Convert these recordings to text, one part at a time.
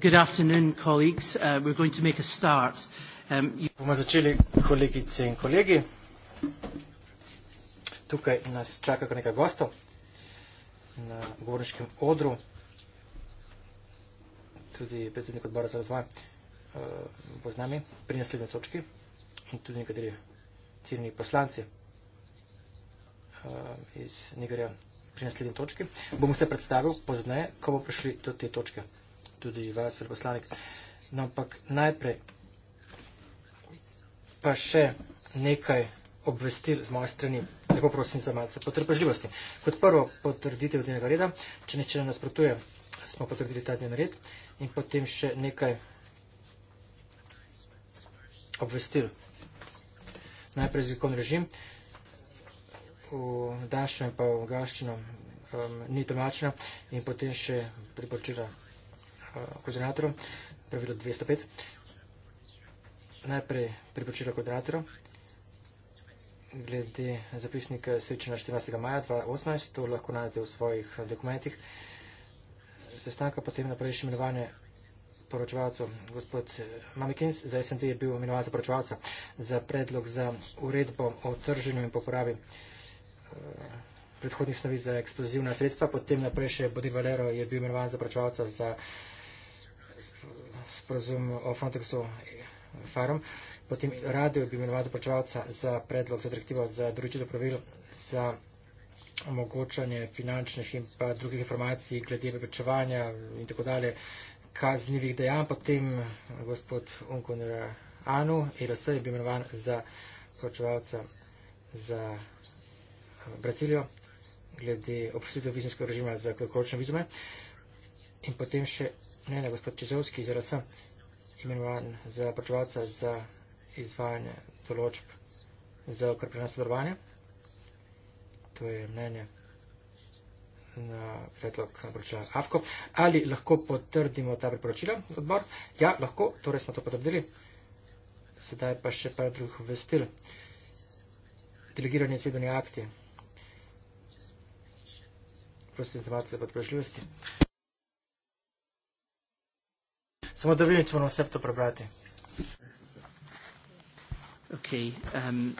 Good afternoon, colleagues. Uh, we're going to make a start. Um, you... Bomo začeli, kolegice in kolegi. Tukaj nas čaka kar nekaj gostov na govorniškem odru. Tudi predsednik odbora za razvoj uh, bo z nami pri naslednji točki in tudi nekateri ciljni poslanci uh, iz Nigerja pri naslednji točki. Bom se predstavil pozdneje, ko bo prišli do te točke tudi vas, veleposlanik. No, ampak najprej pa še nekaj obvestil z moje strani. Lepo prosim za malce potrpežljivosti. Kot prvo potrditev dnevnega reda, če nič ne nasprotuje, smo potrdili ta dnevni red in potem še nekaj obvestil. Najprej zvikovni režim. V daščino in pa v gaščino um, ni tomačina in potem še priporočila Eh, koordinatorov, pravilo 205. Najprej priporočilo koordinatorov glede zapisnika srečanja 14. maja 2018, to lahko najdete v svojih eh, dokumentih. Sestanka potem naprej še imenovanje poročevalcev. Gospod eh, Mamikins za SMT je bil imenovan za poročevalca za predlog za uredbo o trženju in poporabi predhodnih snovi za eksplozivna sredstva. Potem naprej še Bodi Valero je bil imenovan za poročevalca za sporozum o Frontexu Farm, potem radio bi imenoval zaplačevalca za predlog za direktivo za določitev pravil za omogočanje finančnih in pa drugih informacij glede preprečevanja in tako dalje kaznivih dejanj, potem gospod Unkuner Anu, ELS je bil imenovan za sporočevalca za Brazilijo glede obstitutov vizumskega režima za kratkoročne vizume. Uh, In potem še, ne, ne, gospod Čizovski, zaradi sem imenovan za pačevalca za izvajanje določb za okrepljeno sodelovanje. To je mnenje na predlog priporočila AFKO. Ali lahko potrdimo ta priporočila, odbor? Ja, lahko, torej smo to potrdili. Sedaj pa še par drugih vestil. Delegirani izvedbeni akti. Prosim, zavadce podpražljivosti. Prosim samo da vidim, če moram vse to prebrati. Ok, um,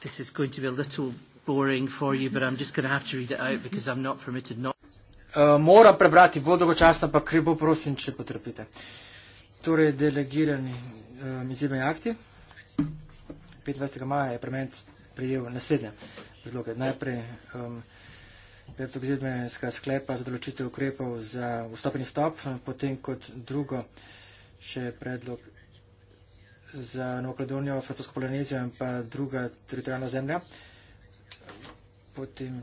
this is going to be a little boring for you, but I'm just going to have to read it out because I'm not permitted not. Uh, mora prebrati, bo dolgočasno, pa kribo prosim, če potrpite. Torej, delegirani um, izjemni akti. 25. maja je prement prijel naslednje predloge. Najprej um, predlog zidmenjska sklepa za določitev ukrepov za vstopni stop, potem kot drugo še predlog za Novokladonijo, Francosko Polonezijo in pa druga teritorijalna zemlja. Potem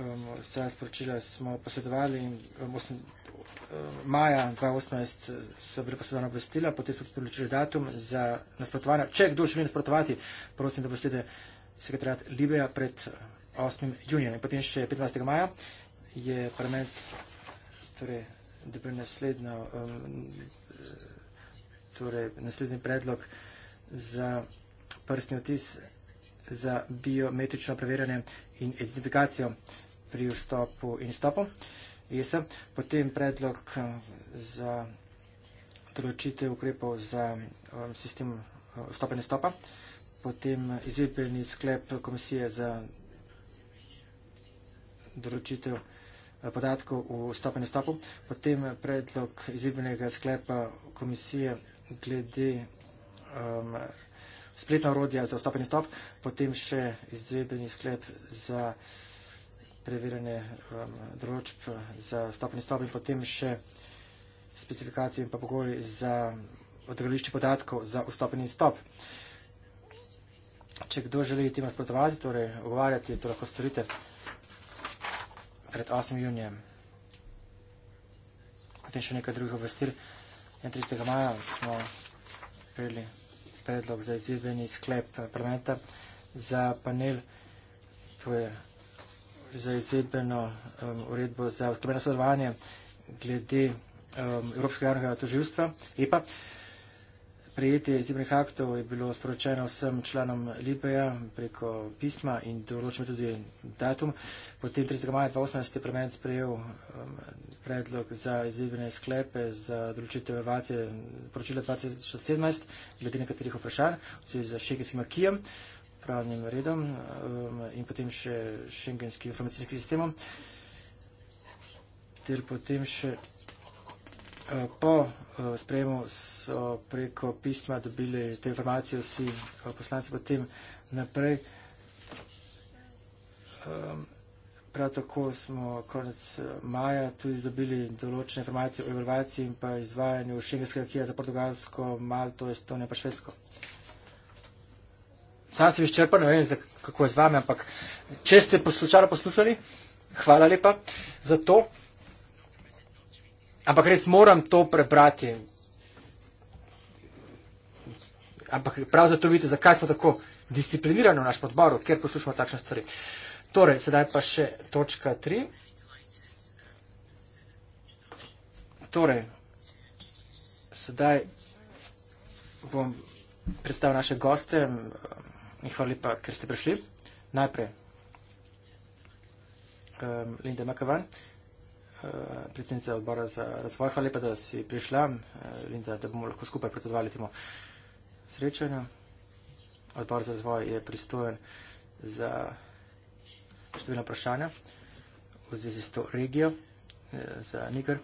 um, vsa sporočila smo posledovali in um, osn, um, maja 2018 uh, so bile posledovane obvestila, potem smo določili datum za nasprotovanje. Če kdo želi nasprotovati, prosim, da boste sekretarjat Libija pred 8. junija. In potem še 15. maja je parlament torej, dobil naslednjo, um, torej, naslednji predlog za prstni otis za biometrično preverjanje in identifikacijo pri vstopu in stopu ESA. Potem predlog um, za določitev ukrepov za um, sistem uh, vstopa in stopa. Potem izvedbeni sklep komisije za določitev eh, podatkov v stopenju stopu, potem predlog izvedbenega sklepa komisije glede um, spletna orodja za stopenje stop, potem še izvedbeni sklep za preverjanje um, določb za stopenje stop in potem še specifikacije in pa pogoji za odgledališče podatkov za vstopenje stop. Če kdo želi tem razpratovati, torej ogovarjati, to lahko storite pred 8. junijem. Potem še nekaj drugih obvestil. 31. Ja, maja smo prijeli predlog za izvedbeni sklep parlamenta za panel, to je za izvedbeno um, uredbo za odkrbeno sodelovanje glede um, Evropskega javnega toživstva, EPA sprejetje izjemnih aktov je bilo sporočeno vsem članom Lipeja preko pisma in določimo tudi datum. Potem 30. maja 2018 je premen sprejel um, predlog za izjemne sklepe za določitev evacije poročila 2017 glede nekaterih vprašanj v zvezi z šengenskim akijem, pravnim redom um, in potem še šengenskim informacijskim sistemom. Ter potem še po eh, sprejemu so preko pisma dobili te informacije vsi eh, poslanci potem naprej. Ehm, prav tako smo konec eh, maja tudi dobili določene informacije o evalvaciji in pa izvajanju šengenskega kija za Portugalsko, Malto, Estonijo in pa Švedsko. Sam sem izčrpan, ne vem, kako je z vami, ampak če ste poslušali, poslušali, hvala lepa za to. Ampak res moram to prebrati. Ampak prav zato vidite, zakaj smo tako disciplinirani v našem odboru, ker poslušamo takšne stvari. Torej, sedaj pa še točka tri. Torej, sedaj bom predstavil naše goste in hvala lepa, ker ste prišli. Najprej, um, Linda Makavan. Uh, Eh, predsednica odbora za razvoj. Hvala lepa, da si prišla in eh, da, da bomo lahko skupaj predvali temu srečanju. Odbor za razvoj je pristojen za številna vprašanja v zvezi s to regijo eh, za Niger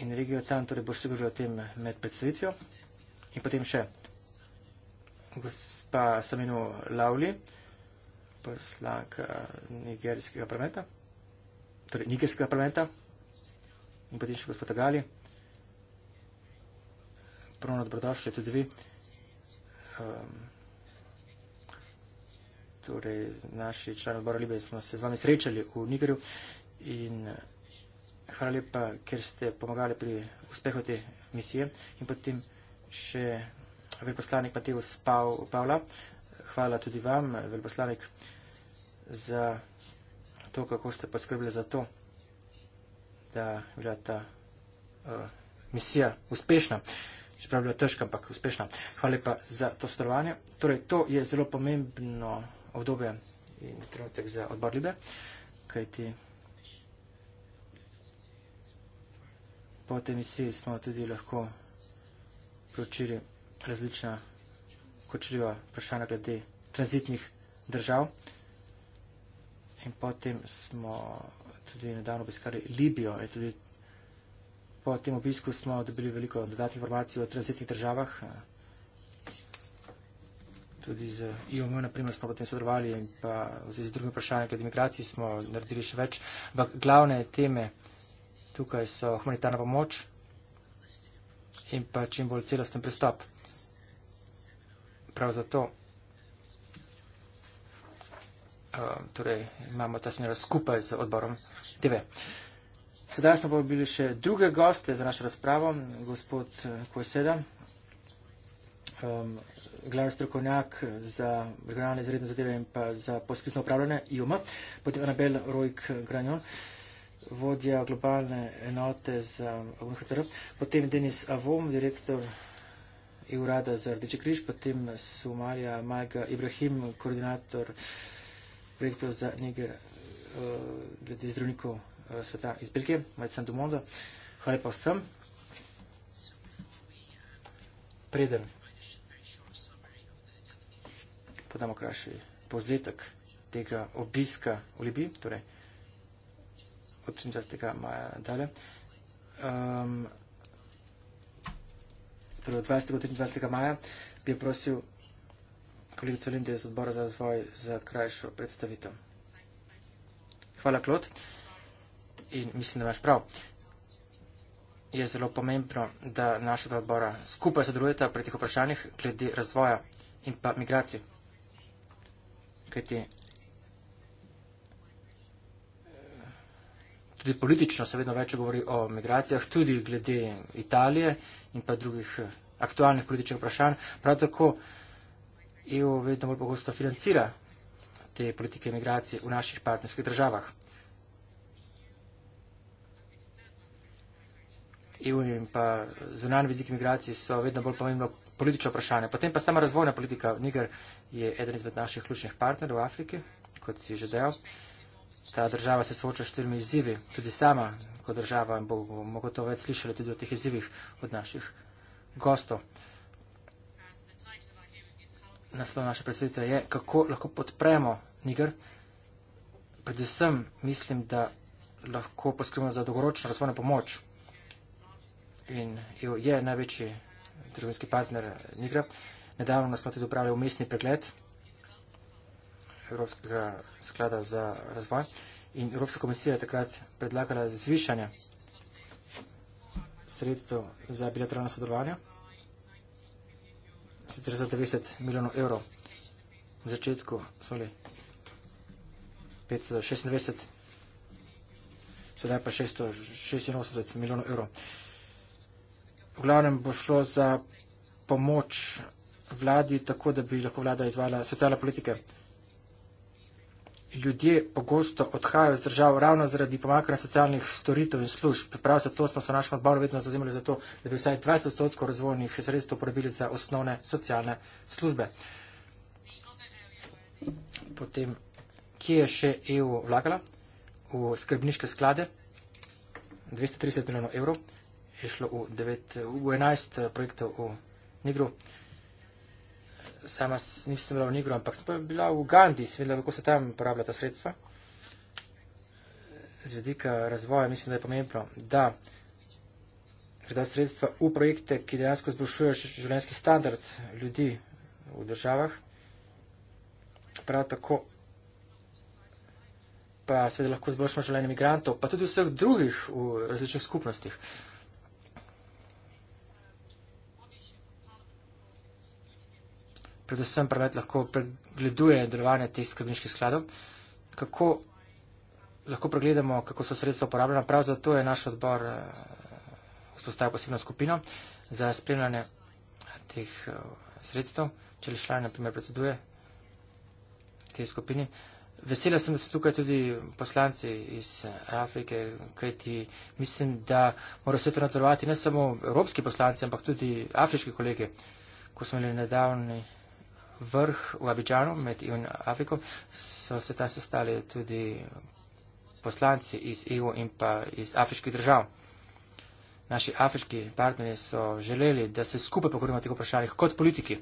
in regijo tam, torej boš se govoril o tem med predstavitvijo. In potem še gospa Saminu Lavli, poslanka nigerijskega parlamenta torej nikeljskega parlamenta in potem še gospod Agali. Prvo na dobrodošli tudi vi. Um, torej, naši člani odbora Libe smo se z vami srečali v Nigerju in eh, hvala lepa, ker ste pomagali pri uspehu te misije in potem še veljposlanik Mateus Pavla. Hvala tudi vam, veljposlanik, za to, kako ste poskrbeli za to, da je bila ta uh, misija uspešna. Čeprav je bila težka, ampak uspešna. Hvala lepa za to sodelovanje. Torej, to je zelo pomembno obdobje in trenutek za odbor Libe, kajti po tej misiji smo tudi lahko preučili različna kočljiva vprašanja glede tranzitnih držav in potem smo tudi nedavno obiskali Libijo in tudi po tem obisku smo dobili veliko dodatnih informacij o tranzitnih državah. Tudi z IOM, na primer, smo potem sodelovali in pa z drugim vprašanjem, kaj demigracij smo naredili še več. Ampak glavne teme tukaj so humanitarna pomoč in pa čim bolj celosten pristop. Prav zato. Eh, torej imamo ta smer skupaj z odborom TV. Sedaj smo bili še druge goste za našo razpravo, gospod eh, Koseda, um, glavni strokovnjak za regionalne izredne zadeve in pa za poskusno upravljanje IUMA, potem Anabel Rojk Granjon, vodja globalne enote za UNHCR, potem Denis Avom, direktor EU Rada za Rdeči križ, potem Somalija Majga Ibrahim, koordinator. Uh, rektor za nekaj uh, glede zdravnikov uh, sveta iz Belgije, Majcen Dumondo. Hvala pa vsem. Preden podamo krajši povzetek tega obiska v Libiji, torej od 23. maja dalje. Um, torej od 20. do 23. maja bi prosil kolegica Linda iz odbora za razvoj za krajšo predstavitev. Hvala, Klod. In mislim, da imaš prav. Je zelo pomembno, da naša dva odbora skupaj sodelujeta pri teh vprašanjih glede razvoja in pa migracij. Kajti eh, tudi politično se vedno več govori o migracijah, tudi glede Italije in pa drugih eh, aktualnih političnih vprašanj. Prav tako EU vedno bolj pogosto financira te politike imigracije v naših partnerskih državah. EU in pa zunanje vidike imigracije so vedno bolj pomembno politično vprašanje. Potem pa sama razvojna politika. Niger je eden izmed naših ključnih partnerov v Afriki, kot si že dejal. Ta država se sooča s štirimi izzivi, tudi sama kot država bo mogoče več slišala tudi o teh izzivih od naših gostov naslov naše predstavitve je, kako lahko podpremo Niger. Predvsem mislim, da lahko poskrbimo za dolgoročno razvojno pomoč. In jo e je največji trgovinski partner Nigra. Nedavno smo tudi upravili umestni pregled Evropskega sklada za razvoj in Evropska komisija je takrat predlagala zvišanje sredstv za bilateralno sodelovanje sicer za 90 milijonov evrov. V začetku smo bili 596, sedaj pa 686 milijonov evrov. V glavnem bo šlo za pomoč vladi, tako da bi lahko vlada izvala socialne politike ljudje pogosto odhajajo z držav ravno zaradi pomankanja socialnih storitev in služb. Prav zato smo se v našem odboru vedno zazimali za to, da bi vsaj 20 odstotkov razvojnih sredstev uporabili za osnovne socialne službe. Potem, kje je še EU vlagala? V skrbniške sklade 230 milijonov evrov je šlo v, 9, v 11 projektov v Nigru sama nisem bila v Nigru, ampak sem bila v Ugandi, sem videla, kako se tam uporablja ta sredstva. Z vedika razvoja mislim, da je pomembno, da gredo sredstva v projekte, ki dejansko zboljšujejo življenjski standard ljudi v državah. Prav tako pa seveda lahko zboljšamo življenje imigrantov, pa tudi vseh drugih v različnih skupnostih. predvsem preveč lahko pregleduje delovanje teh skrbniških skladov. Kako lahko pregledamo, kako so sredstva uporabljena, prav zato je naš odbor eh, vzpostavil posebno skupino za spremljanje eh, teh eh, sredstev, če le šla, naprimer, predseduje tej skupini. Vesela sem, da so tukaj tudi poslanci iz Afrike, kajti mislim, da morajo se trenutovati ne samo evropski poslanci, ampak tudi afriški kolege, ko smo imeli nedavni vrh v Abidžanu med EU in Afriko, so se tam sestali tudi poslanci iz EU in pa iz afriških držav. Naši afriški partnerji so želeli, da se skupaj pokorimo teh vprašanjih kot politiki.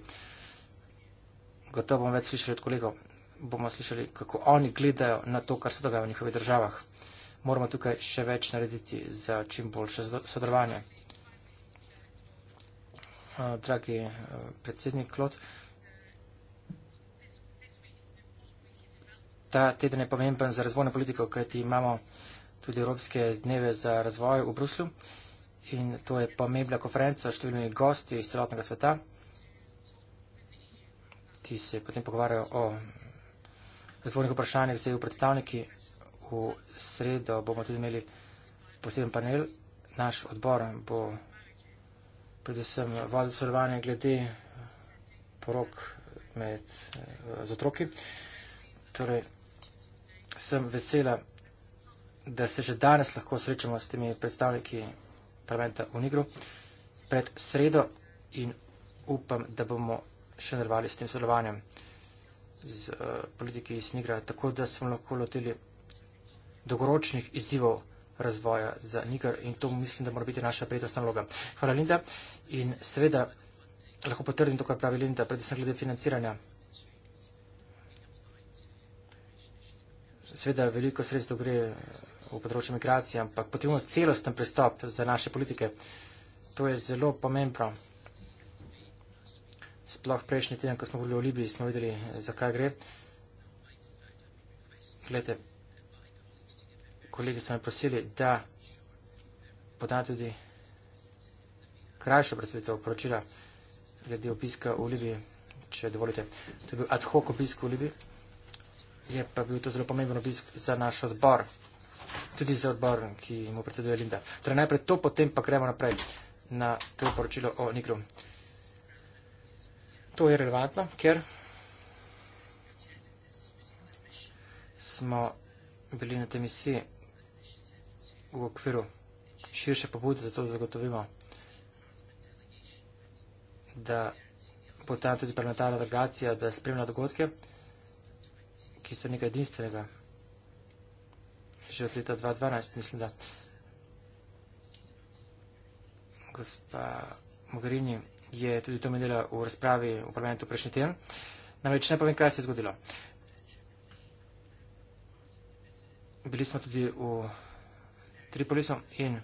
Gotovo bomo več slišali od kolegov. Bomo slišali, kako oni gledajo na to, kar se dogaja v njihovih državah. Moramo tukaj še več narediti za čim boljše sodelovanje. Uh, dragi uh, predsednik Klot, ta teden je pomemben za razvojno politiko, kajti imamo tudi Evropske dneve za razvoj v Bruslju in to je pomembna konferenca s številnimi gosti iz celotnega sveta. Ti se potem pogovarjajo o razvojnih vprašanjih z EU predstavniki. V sredo bomo tudi imeli poseben panel. Naš odbor bo predvsem vodil sodelovanje glede porok med, eh, z otroki. Torej, sem vesela, da se že danes lahko srečamo s temi predstavniki parlamenta v Nigru pred sredo in upam, da bomo še nadaljevali s tem sodelovanjem z eh, politiki iz Nigra, tako da smo lahko lotili dogoročnih izzivov razvoja za Niger in to mislim, da mora biti naša prednostna naloga. Hvala Linda in seveda lahko potrdim to, kar pravi Linda, predvsem glede financiranja Sveda veliko sredstv gre eh, v področju migracije, ampak potrebujemo celosten pristop za naše politike. To je zelo pomembno. Sploh prejšnji teden, ko smo govorili o Libiji, smo videli, eh, zakaj gre. Glede, kolegi so me prosili, da podam tudi krajšo predstavitev poročila glede obiska v Libiji, če dovolite. To je bil ad hoc obisk v Libiji je pa bil to zelo pomemben obisk za naš odbor, tudi za odbor, ki mu predseduje Linda. Torej najprej to, potem pa gremo naprej na to poročilo o Nigru. To je relevantno, ker smo bili na tej misiji v okviru širše pobude za to, da zagotovimo, da bo tam tudi parlamentarna delegacija, da spremlja dogodke ki se nekaj edinstvenega. Že od leta 2012, mislim, da. Gospa Mogherini je tudi to menila v razpravi v parlamentu prejšnji teden. Namreč ne povem, kaj se je zgodilo. Bili smo tudi v Tripolisu in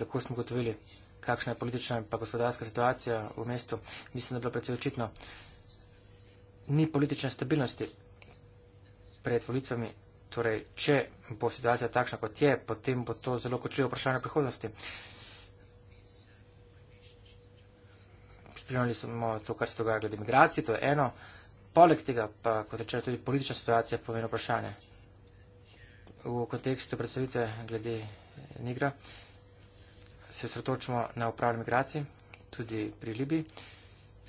lahko smo gotovili, kakšna je politična in pa gospodarska situacija v mestu. Mislim, da je bilo predvsej očitno, ni politične stabilnosti pred volitvami. Torej, če bo situacija takšna, kot je, potem bo to zelo kočljivo vprašanje prihodnosti. Spremljali smo to, kar se dogaja glede migracije, to je eno. Poleg tega pa, kot rečeno, tudi politična situacija pomeni vprašanje. V kontekstu predstavitve glede Nigra se sredočimo na upravljanje migracije, tudi pri Libiji.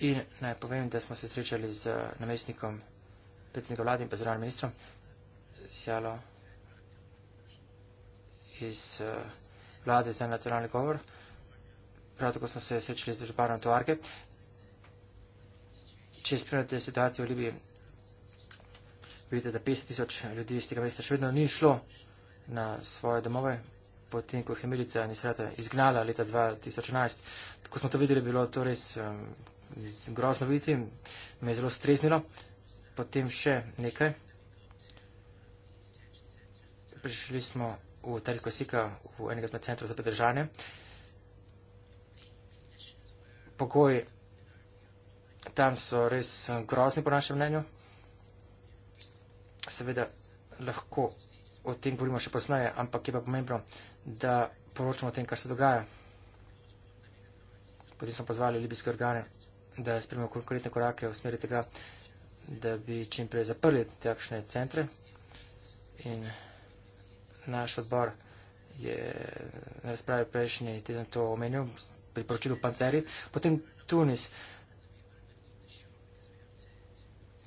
In naj povem, da smo se srečali z eh, namestnikom predsednika vlade in pa zdravim ministrom Sjalo iz eh, vlade za nacionalni govor. Prav tako smo se srečali z državarom Tuarke. Če spremljate situacijo v Libiji, vidite, da 50 tisoč ljudi iz tega mesta še vedno ni šlo na svoje domove, potem, ko je Milica Nisrata izgnala leta 2011. Ko smo to videli, bilo to res um, grozno videti, me je zelo streznilo. Potem še nekaj. Prišli smo v Telko Sika, v enega od centrov za pridržanje. Pogoji tam so res grozni, po našem mnenju. Seveda lahko o tem govorimo še poznaje, ampak je pa pomembno, da poročamo o tem, kar se dogaja. Potem smo pozvali libijske organe, da spremljamo konkretne korake v smeri tega, da bi čim prej zaprli takšne centre. In naš odbor je na razpravi prejšnji teden to omenil, priporočil Panceri, potem Tunis.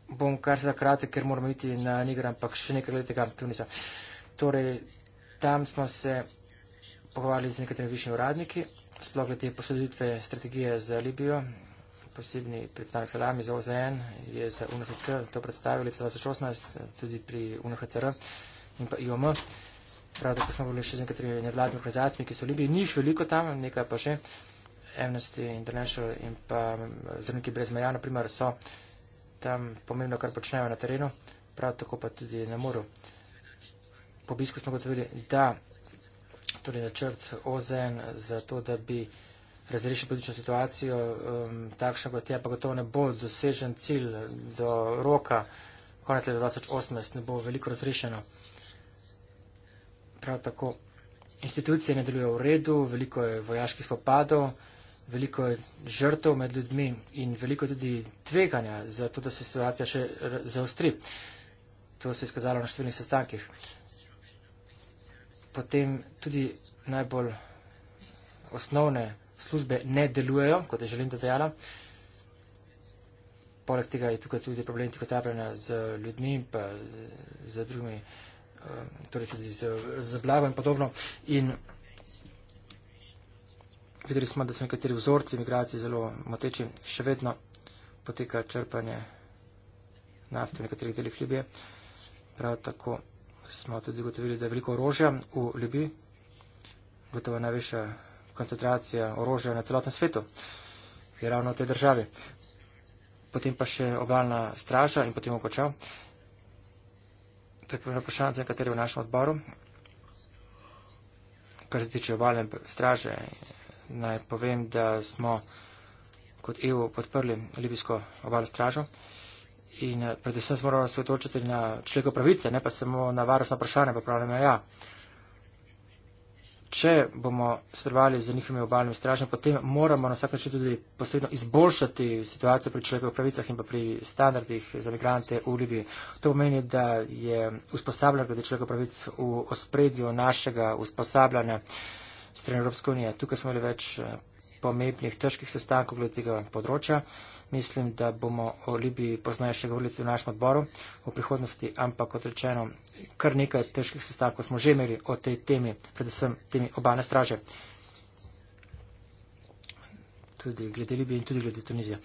Bom kar se zakratek, ker moramo iti na Niger, ampak še nekaj glede tega Tunisa. Torej, tam smo se pogovarjali z nekaterimi višnji uradniki, sploh glede posoditve strategije za Libijo, posebni predstavnik Salami za OZN je za UNHCR to predstavili v 2018, tudi pri UNHCR in pa IOM. Prav tako smo bili še z nekaterimi nevladnimi organizacijami, ki so v Libiji, njih veliko tam, nekaj pa še, Amnesty International in pa zrniki brez meja, na primer, so tam pomembno, kar počnejo na terenu, prav tako pa tudi na moru. Po obisku smo gotovili, da torej načrt OZN za to, da bi razreši politično situacijo, um, takšna kot je, pa gotovo ne bo dosežen cilj do roka, konec leta 2018 ne bo veliko razrešeno. Prav tako institucije ne delujejo v redu, veliko je vojaških spopadov, veliko je žrtev med ljudmi in veliko je tudi tveganja za to, da se situacija še zaostri. To se je skazalo na številnih sestankih. Potem tudi najbolj osnovne službe ne delujejo, kot je želim dodajala. Poleg tega je tukaj tudi problem tikotapljanja z ljudmi, pa z, z drugimi, um, torej tudi z, z blago in podobno. In videli smo, da so nekateri vzorci migracije zelo moteči, še vedno poteka črpanje nafte v nekaterih delih Libije. Prav tako smo tudi gotovili, da je veliko orožja v Libiji, gotovo največja koncentracija orožja na celotnem svetu, je ravno v tej državi. Potem pa še obalna straža in potem okočal. To je prvo vprašanje, za katero je v našem odboru. Kar se tiče obalne straže, naj povem, da smo kot EU podprli libijsko obalno stražo in eh, predvsem smo morali se otočiti na človekove pravice, ne pa samo na varnostno vprašanje, pa pravljeno ja če bomo sodelovali z njihovimi obalnimi stražami, potem moramo na vsak način tudi posredno izboljšati situacijo pri človekovih pravicah in pa pri standardih za migrante v Libiji. To pomeni, da je usposabljanje glede človekovih pravic v ospredju našega usposabljanja. Uh, strani Evropske unije. Tukaj smo imeli več eh, pomembnih, težkih sestankov glede tega področja. Mislim, da bomo o Libiji poznaje še govorili v našem odboru v prihodnosti, ampak kot rečeno, kar nekaj težkih sestankov smo že imeli o tej temi, predvsem temi obane straže. Tudi glede Libije in tudi glede Tunizije.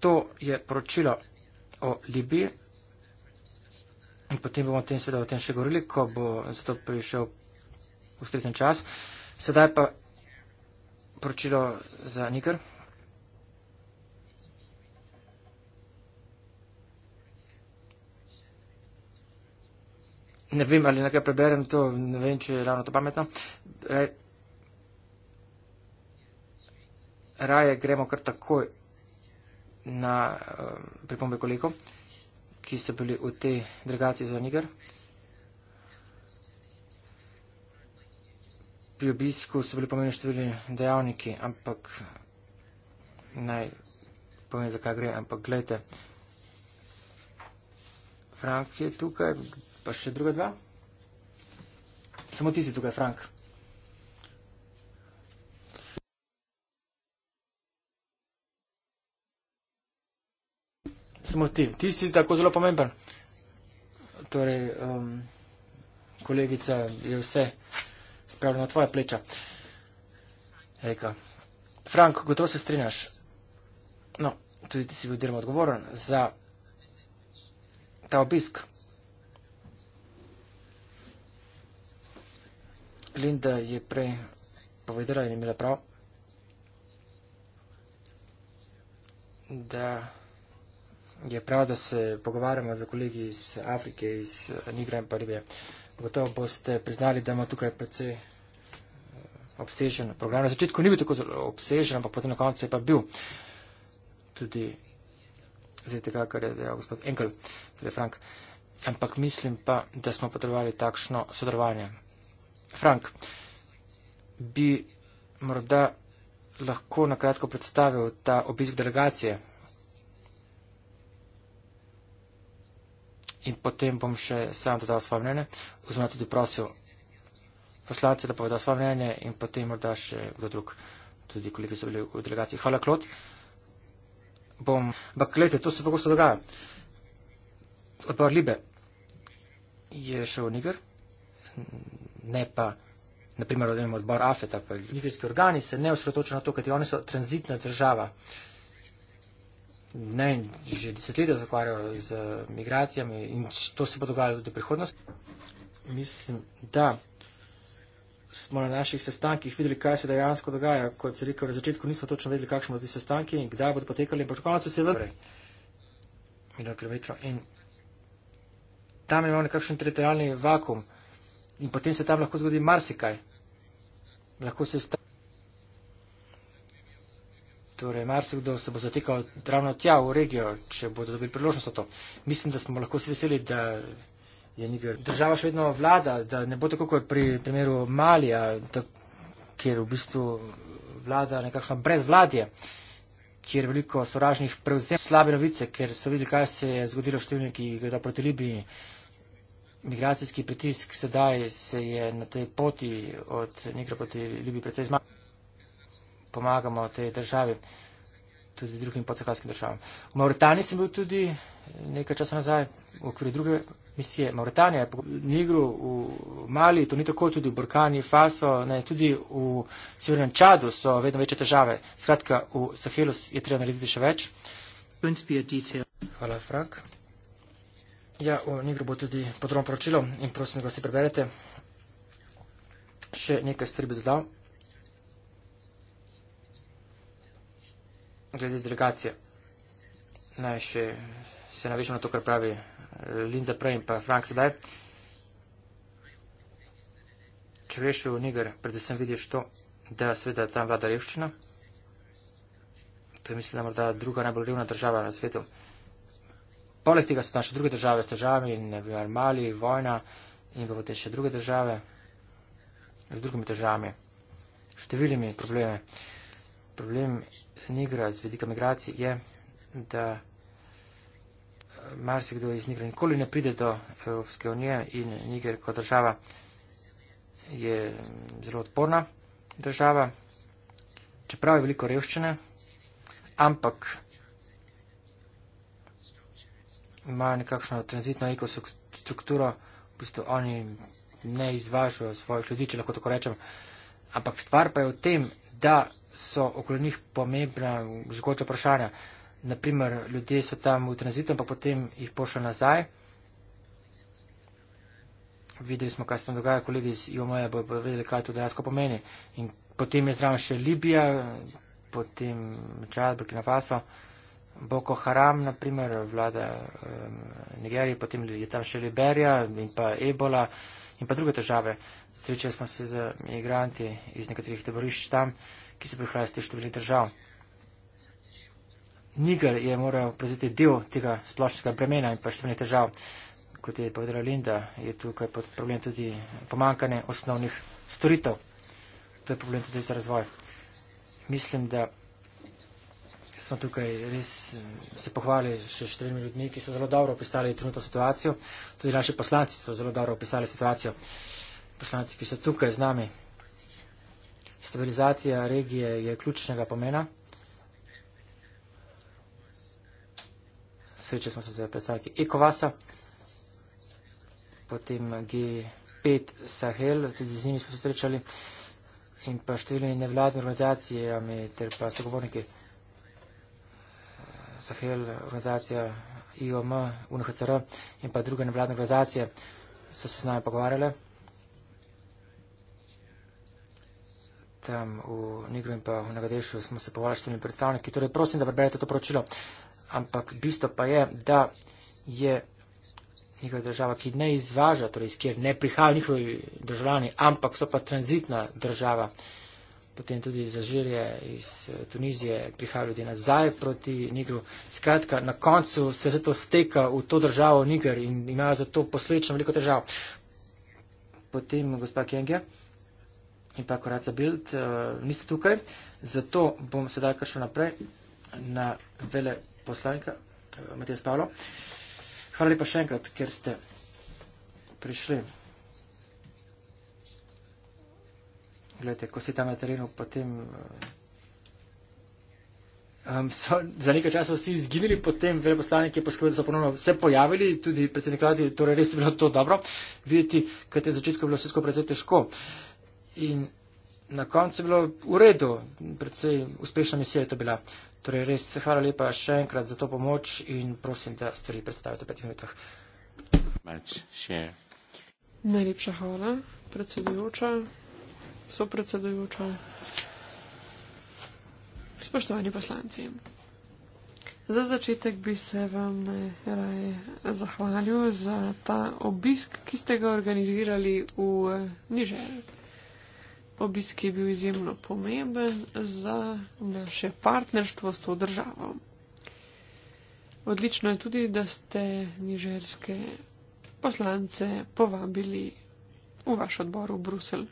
To je poročilo o Libiji in potem bomo o tem, seveda, o tem še govorili, ko bo zato prišel ustrezen čas. Sedaj pa poročilo za Nikr. Ne vem, ali nekaj preberem to, ne vem, če je ravno to pametno. Raje gremo kar takoj na uh, pripombe kolikov, ki so bili v tej delegaciji za Niger. Uh, pri obisku so bili pomembni številni dejavniki, ampak naj povem, zakaj gre, ampak gledajte, Frank je tukaj, pa še druga dva. Samo ti si tukaj, Frank. Samo ti, ti si tako zelo pomemben. Torej, um, kolegica je vse spravljeno na tvoje pleča. Rekla, Frank, gotovo se strinjaš. No, tudi ti si bil delno odgovoren za ta obisk. Linda je prej povedala in imela prav, da je prav, da se pogovarjamo z kolegi iz Afrike, iz Nigra in Paribije gotovo boste priznali, da ima tukaj precej eh, obsežen program. Na začetku ni bil tako zelo obsežen, ampak potem na koncu je pa bil tudi zaradi tega, kar je dejal gospod Enkel, torej Frank. Ampak mislim pa, da smo potrebovali takšno sodelovanje. Frank, bi morda lahko nakratko predstavil ta obisk delegacije in potem bom še sam dodal svoje mnenje, oziroma tudi prosil poslance, da poveda svoje mnenje in potem morda še kdo drug, tudi kolegi so bili v delegaciji. Hvala, Klot. Bom, ampak gledajte, to se pogosto dogaja. Odbor Libe je šel v Niger, ne pa, na primer, odbor Afeta, pa nigerski organi se ne osredotočajo na to, kajti oni so tranzitna država ne, že desetletja zakvarjajo z eh, migracijami in to se bo dogajalo tudi v prihodnosti. Mislim, da smo na naših sestankih videli, kaj se dejansko dogaja. Kot se rekel, na začetku nismo točno vedeli, kakšni bodo ti sestanki in kdaj bodo potekali, ampak konec se je vrnil. Torej. Milijon kilometrov in tam imamo nekakšen teritorijalni vakum in potem se tam lahko zgodi marsikaj. Lahko se stane. Torej, marsikdo se bo zatekal ravno tja v regijo, če bodo dobili priložnost za to. Mislim, da smo lahko vsi veseli, da je Niger država še vedno vlada, da ne bo tako kot pri primeru Malija, da, kjer v bistvu vlada nekakšno brezvladje, kjer veliko sovražnih prevzem slabe novice, ker so videli, kaj se je zgodilo številni, ki gredo proti Libiji. Migracijski pritisk sedaj se je na tej poti od Nigra proti Libiji precej zmanjšal pomagamo tej državi, tudi drugim podsahalskim državam. V Mauritaniji sem bil tudi nekaj časa nazaj, v okviru druge misije. Mauritanija je po Nigru, v Mali, to ni tako, tudi v Burkani, Faso, ne, tudi v Severnem Čadu so vedno večje težave. Skratka, v Sahelu je treba narediti še več. Hvala, Frank. Ja, v Nigru bo tudi podrobno poročilo in prosim, da ga si preberete. Še nekaj stvari bi dodal. glede delegacije. Naj še se navežem na to, kar pravi Linda prej in pa Frank sedaj. Če greš v Niger, predvsem vidiš to, da sveda tam vlada revščina. To je mislim, da morda druga najbolj revna država na svetu. Poleg tega so tam še druge države s težavami, ne bi armali, vojna in pa potem še druge države z drugimi težavami, številnimi problemi problem Nigra z vedika migracije je, da eh, marsikdo iz Nigra nikoli ne pride do eh, Evropske unije in Niger kot država je mm, zelo odporna država, čeprav je veliko revščine, ampak ima nekakšno tranzitno ekostrukturo, v bistvu oni ne izvažajo svojih ljudi, če lahko tako rečem ampak stvar pa je v tem, da so okoli njih pomembna, žgoča vprašanja. Naprimer, ljudje so tam v tranzitu, pa potem jih pošljajo nazaj. Videli smo, kaj se tam dogaja, kolegi iz IOM-a bodo bo vedeli, kaj to dejansko pomeni. In potem je zraven še Libija, potem Čad, Burkina Faso, Boko Haram, naprimer, vlada eh, Nigerije, potem je tam še Liberija in pa Ebola. Eh, in pa druge države. Srečali smo se z imigranti iz nekaterih taborišč tam, ki so prihajali iz teh številnih držav. Niger je moral prevzeti del tega splošnega bremena in pa številnih težav. Kot je povedala Linda, je tukaj pod problem tudi pomankanje osnovnih storitev. To je problem tudi za razvoj. Mislim, da smo tukaj res mm, se pohvali še štirimi ljudmi, ki so zelo dobro opisali trenutno situacijo. Tudi naši poslanci so zelo dobro opisali situacijo. Poslanci, ki so tukaj z nami. Stabilizacija regije je ključnega pomena. Sreče smo se za predstavljanje Ekovasa, potem G5 Sahel, tudi z njimi smo se srečali in pa številni nevladni organizacije ter pa sogovorniki. Sahel, organizacija IOM, UNHCR in pa druge nevladne organizacije so se z nami pogovarjale tam v Nigru in pa v Nagadešu smo se povali s temi predstavniki. Torej, prosim, da preberete to poročilo. Ampak bistvo pa je, da je njihova država, ki ne izvaža, torej, iz kjer ne prihajajo njihovi državljani, ampak so pa tranzitna država. Uh, potem tudi iz Alžirije, iz eh, Tunizije, prihajajo ljudje nazaj proti Nigru. Skratka, na koncu se vse to steka v to državo Niger in imajo zato posledično veliko težav. Potem gospa Kengija in pa Koraca Bild, uh, niste tukaj, zato bom sedaj kar šel naprej na vele poslanika eh, Matija Stavlo. Hvala lepa še enkrat, ker ste prišli. Gledajte, ko si tam na terenu, potem eh, um, so za nekaj časa vsi izginili, potem veleposlanik je poskrbel, da so ponovno se pojavili, tudi predsednik vladi, torej res je bilo to dobro videti, kaj te začetke bilo vse skupaj predvsej težko. In na koncu je bilo v redu, predvsej uspešna misija je to bila. Torej res hvala lepa še enkrat za to pomoč in prosim, da stvari predstavite v petih minutah. Najlepša hvala, predsedujoča so predsedujoča. Spoštovani poslanci, za začetek bi se vam najraje zahvalil za ta obisk, ki ste ga organizirali v Nižer. Obisk je bil izjemno pomemben za naše partnerstvo s to državo. Odlično je tudi, da ste nižerske poslance povabili v vaš odbor v Bruselj.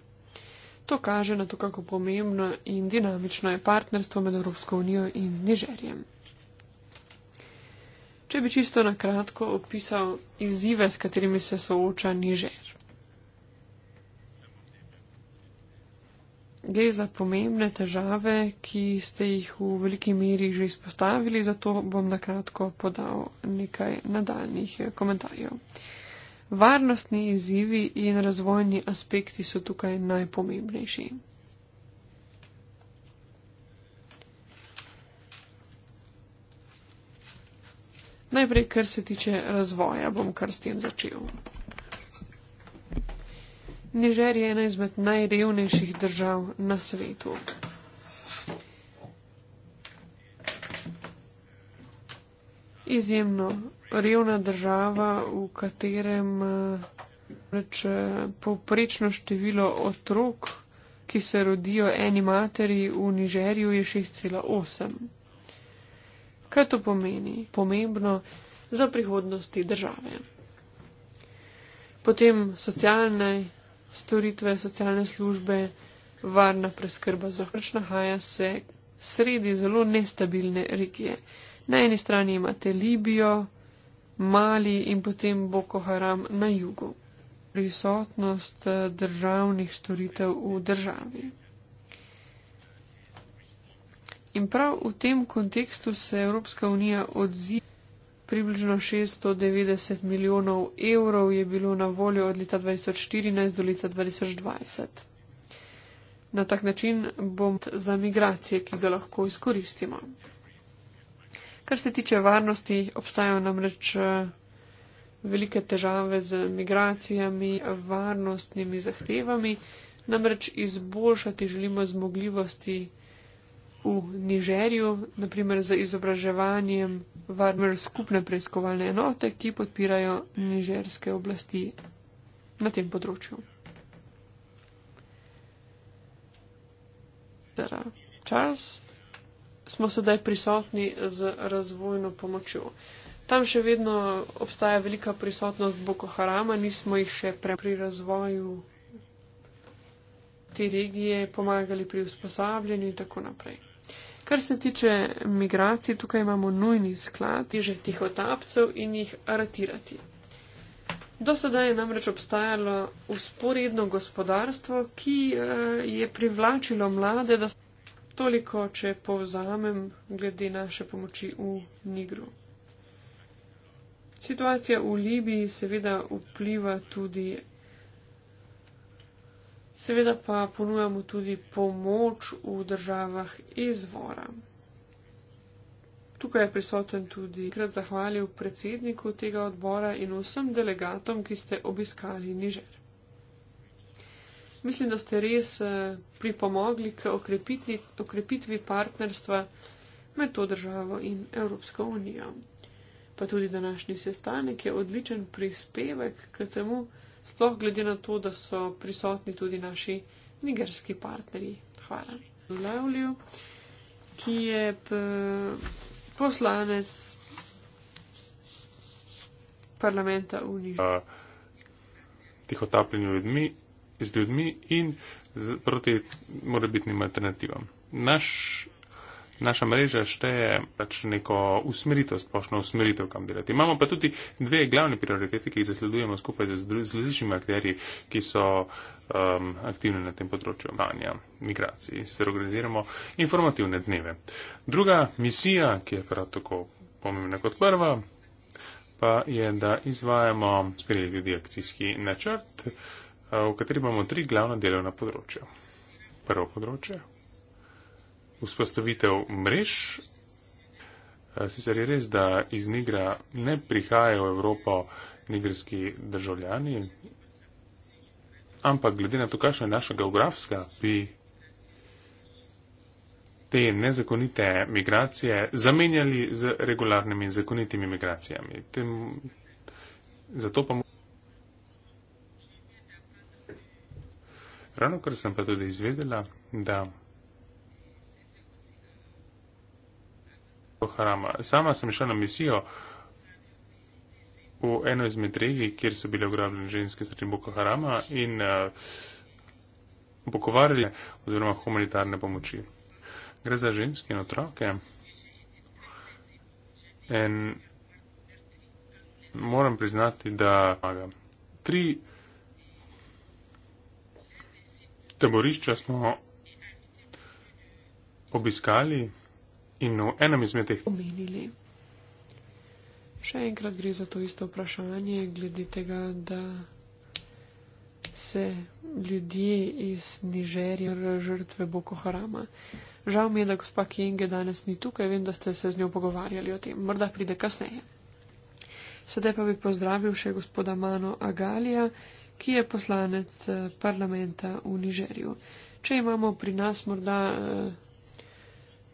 To kaže na to, kako pomembno in dinamično je partnerstvo med Evropsko unijo in Nižerjem. Če bi čisto na kratko opisal izzive, s katerimi se sooča Nižer. Gre za pomembne težave, ki ste jih v veliki meri že izpostavili, zato bom na kratko podal nekaj nadaljnih komentarjev. Varnostni izzivi in razvojni aspekti so tukaj najpomembnejši. Najprej, kar se tiče razvoja, bom kar s tem začel. Nižer je ena izmed najrevnejših držav na svetu. Izjemno revna država, v katerem eh, reče eh, povprečno število otrok, ki se rodijo eni materi v Nižeriju, je 6,8. Kaj to pomeni? Pomembno za prihodnosti države. Potem socialne storitve, socialne službe, varna preskrba za hrč nahaja se sredi zelo nestabilne regije. Na eni strani imate Libijo, Mali in potem Boko Haram na jugu. Prisotnost eh, državnih storitev v državi. In prav v tem kontekstu se Evropska unija odziva. Približno 690 milijonov evrov je bilo na voljo od leta 2014 do leta 2020. Na tak način bom za migracije, ki ga lahko izkoristimo. Kar se tiče varnosti, obstajajo namreč eh, velike težave z migracijami, varnostnimi zahtevami, namreč izboljšati želimo zmogljivosti v Nigerju, naprimer za izobraževanjem varnost skupne preiskovalne enote, ki podpirajo nižerske oblasti na tem področju. Charles? smo sedaj prisotni z razvojno pomočjo. Tam še vedno obstaja velika prisotnost Boko Harama, nismo jih še pre pri razvoju te regije pomagali pri usposabljanju in tako naprej. Kar se tiče migracij, tukaj imamo nujni sklad že tih otapcev in jih aratirati. Do sedaj je namreč obstajalo usporedno gospodarstvo, ki eh, je privlačilo mlade, da toliko, če povzamem glede naše pomoči v Nigru. Situacija v Libiji seveda vpliva tudi, seveda pa ponujamo tudi pomoč v državah izvora. Tukaj je prisoten tudi krat zahvalil predsedniku tega odbora in vsem delegatom, ki ste obiskali Nižer mislim, da ste res eh, pripomogli k okrepitvi partnerstva med to državo in Evropsko unijo. Pa tudi današnji sestanek je odličen prispevek k temu, sploh glede na to, da so prisotni tudi naši nigerski partnerji. Hvala. Lavlju, ki je eh, poslanec parlamenta v Nižni. Tihotapljenju ljudmi z ljudmi in z, proti morebitnim alternativam. Naš, naša mreža šteje pač neko usmeritost, pošno usmeritev, kam delati. Imamo pa tudi dve glavne prioritete, ki jih zasledujemo skupaj z, z različnimi akterji, ki so um, aktivni na tem področju manja, migracij. Se organiziramo informativne dneve. Druga misija, ki je prav tako pomembna kot prva, pa je, da izvajamo sprejeti tudi akcijski načrt. Eh, v kateri imamo tri glavna delovna področja. Prvo področje, vzpostavitev mrež. Eh, sicer je res, da iz Nigra ne prihajajo v Evropo nigrski državljani, ampak glede na to, kakšna je naša geografska, bi te nezakonite migracije zamenjali z regularnimi in zakonitimi migracijami. Tem, zato pa Ravno kar sem pa tudi izvedela, da Harama. Sama sem šla na misijo v eno izmed regij, kjer so bile ugrabljene ženske zaradi Boko Harama in uh, eh, pokovarjali oziroma humanitarne pomoči. Gre za ženske in otroke. In moram priznati, da pomagam. Tri taborišča smo obiskali in v enem izmed teh omenili. Še enkrat gre za to isto vprašanje, glede tega, da se ljudje iz Nižerije žrtve Boko Harama. Žal mi je, da gospa Kenge danes ni tukaj, vem, da ste se z njo pogovarjali o tem, morda pride kasneje. Sedaj pa bi pozdravil še gospoda Mano Agalija, ki je poslanec eh, parlamenta v Nigeriju. Če imamo pri nas morda eh,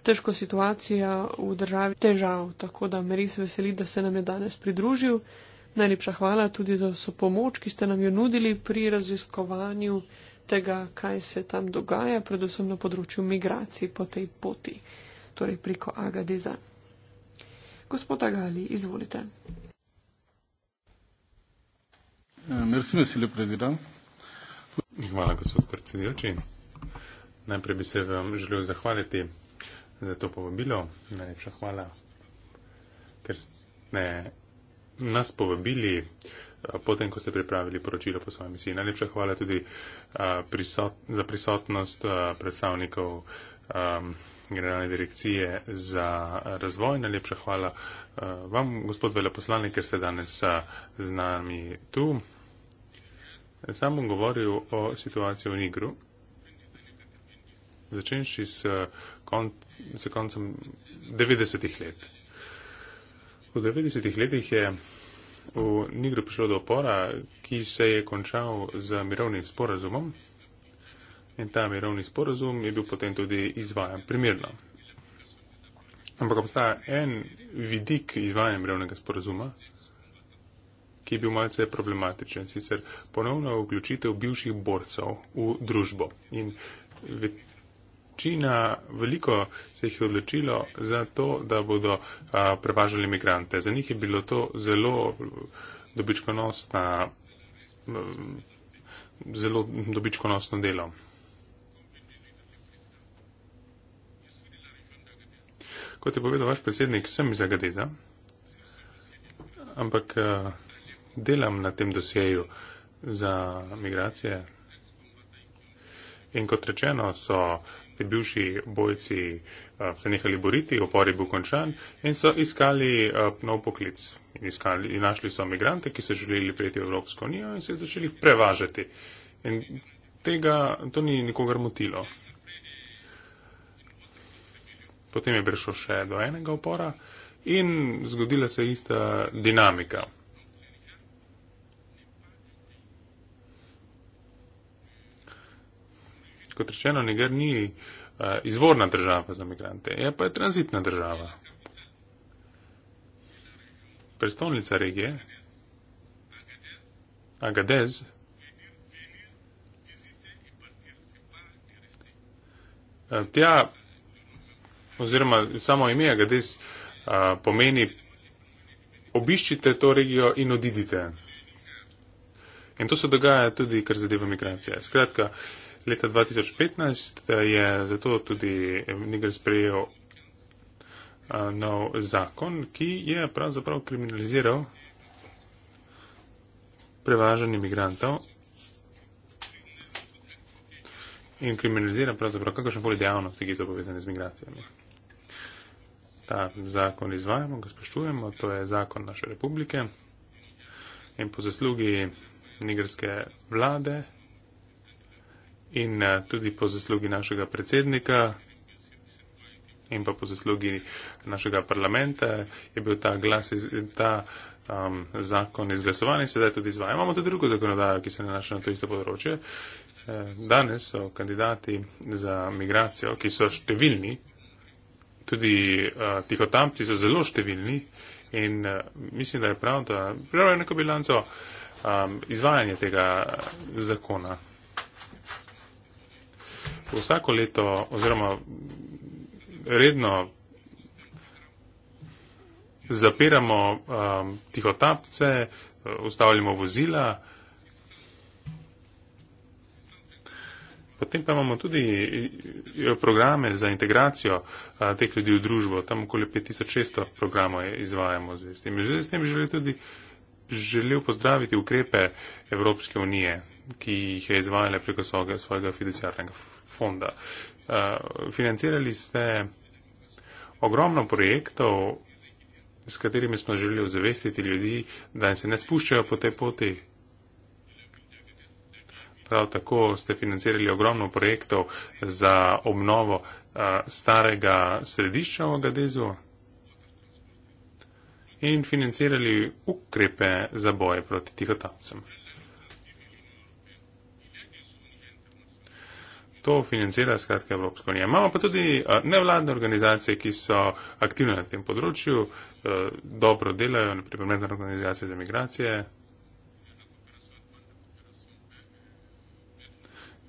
težko situacijo v državi, težav, tako da me res veseli, da se nam je danes pridružil. Najlepša hvala tudi za vso pomoč, ki ste nam jo nudili pri raziskovanju tega, kaj se tam dogaja, predvsem na področju migracij po tej poti, torej preko Agadeza. Gospod Agali, izvolite. Eh, merci, monsieur le président. Hvala, gospod predsedujoči. Najprej bi se vam želel zahvaliti za to povabilo. Najlepša hvala, ker ste nas povabili eh, potem, ko ste pripravili poročilo po svoji misiji. Najlepša hvala tudi eh, prisot, za prisotnost predstavnikov um, generalne direkcije za razvoj. Najlepša hvala uh, vam, gospod veleposlanik, ker ste danes uh, z nami tu. Sam bom govoril o situaciji v Nigru. Začenši s, uh, kon, s koncem 90-ih let. V 90-ih letih je v Nigru prišlo do opora, ki se je končal z mirovnim sporazumom in ta mirovni sporozum je bil potem tudi izvajan primerno. Ampak obstaja en vidik izvajanja mirovnega sporozuma, ki je bil malce problematičen, sicer ponovno vključitev bivših borcev v družbo. In večina, veliko se jih je odločilo za to, da bodo a, prevažali imigrante. Za njih je bilo to zelo dobičkonosno, zelo dobičkonosno delo. kot je povedal vaš predsednik, sem iz Agadeza, ampak eh, delam na tem dosjeju za migracije. In kot rečeno, so ti bivši bojci eh, se nehali boriti, opor je bil končan in so iskali eh, nov poklic. In, iskali, in našli so migrante, ki so želeli prijeti v Evropsko unijo in se začeli prevažati. In tega, to ni nikogar motilo potem je prišlo še do enega upora in zgodila se ista dinamika. Kot rečeno, Niger ni eh, izvorna država za migrante, je pa je tranzitna država. Prestolnica regije, Agadez, eh, tja oziroma samo ime Agadez uh, pomeni obiščite to regijo in odidite. In to se dogaja tudi, kar zadeva migracije. Skratka, leta 2015 je zato tudi Nigel sprejel uh, nov zakon, ki je pravzaprav kriminaliziral prevažanje migrantov in kriminalizira pravzaprav kakršne koli dejavnosti, ki so povezane z migracijami ta zakon izvajamo, ga spoštujemo, to je zakon naše republike in po zaslugi nigerske vlade in eh, tudi po zaslugi našega predsednika in pa po zaslugi našega parlamenta je bil ta glas iz ta. Um, zakon izglasovan in sedaj tudi izvajamo. Imamo tudi drugo zakonodajo, ki se nanaša na to isto področje. Eh, danes so kandidati za migracijo, ki so številni, tudi uh, tihotamci so zelo številni in uh, mislim, da je prav, da pravijo neko bilanco um, izvajanja tega zakona. Vsako leto oziroma redno zapiramo um, tihotapce, ustavljamo vozila. Potem pa imamo tudi eh, programe za integracijo eh, teh ljudi v družbo. Tam okoli 5600 programov izvajamo z tem. Že s tem bi želel tudi želel pozdraviti ukrepe Evropske unije, ki jih je izvajala preko svojega, svojega fiduciarnega fonda. Eh, financirali ste ogromno projektov, s katerimi smo želeli ozavestiti ljudi, da se ne spuščajo po tej poti Prav tako ste financirali ogromno projektov za obnovo eh, starega središča v Agadezu in financirali ukrepe za boje proti tihotapcem. To financira skratka Evropska unija. Imamo pa tudi eh, nevladne organizacije, ki so aktivne na tem področju, eh, dobro delajo, naprimer mednarodne organizacije za migracije.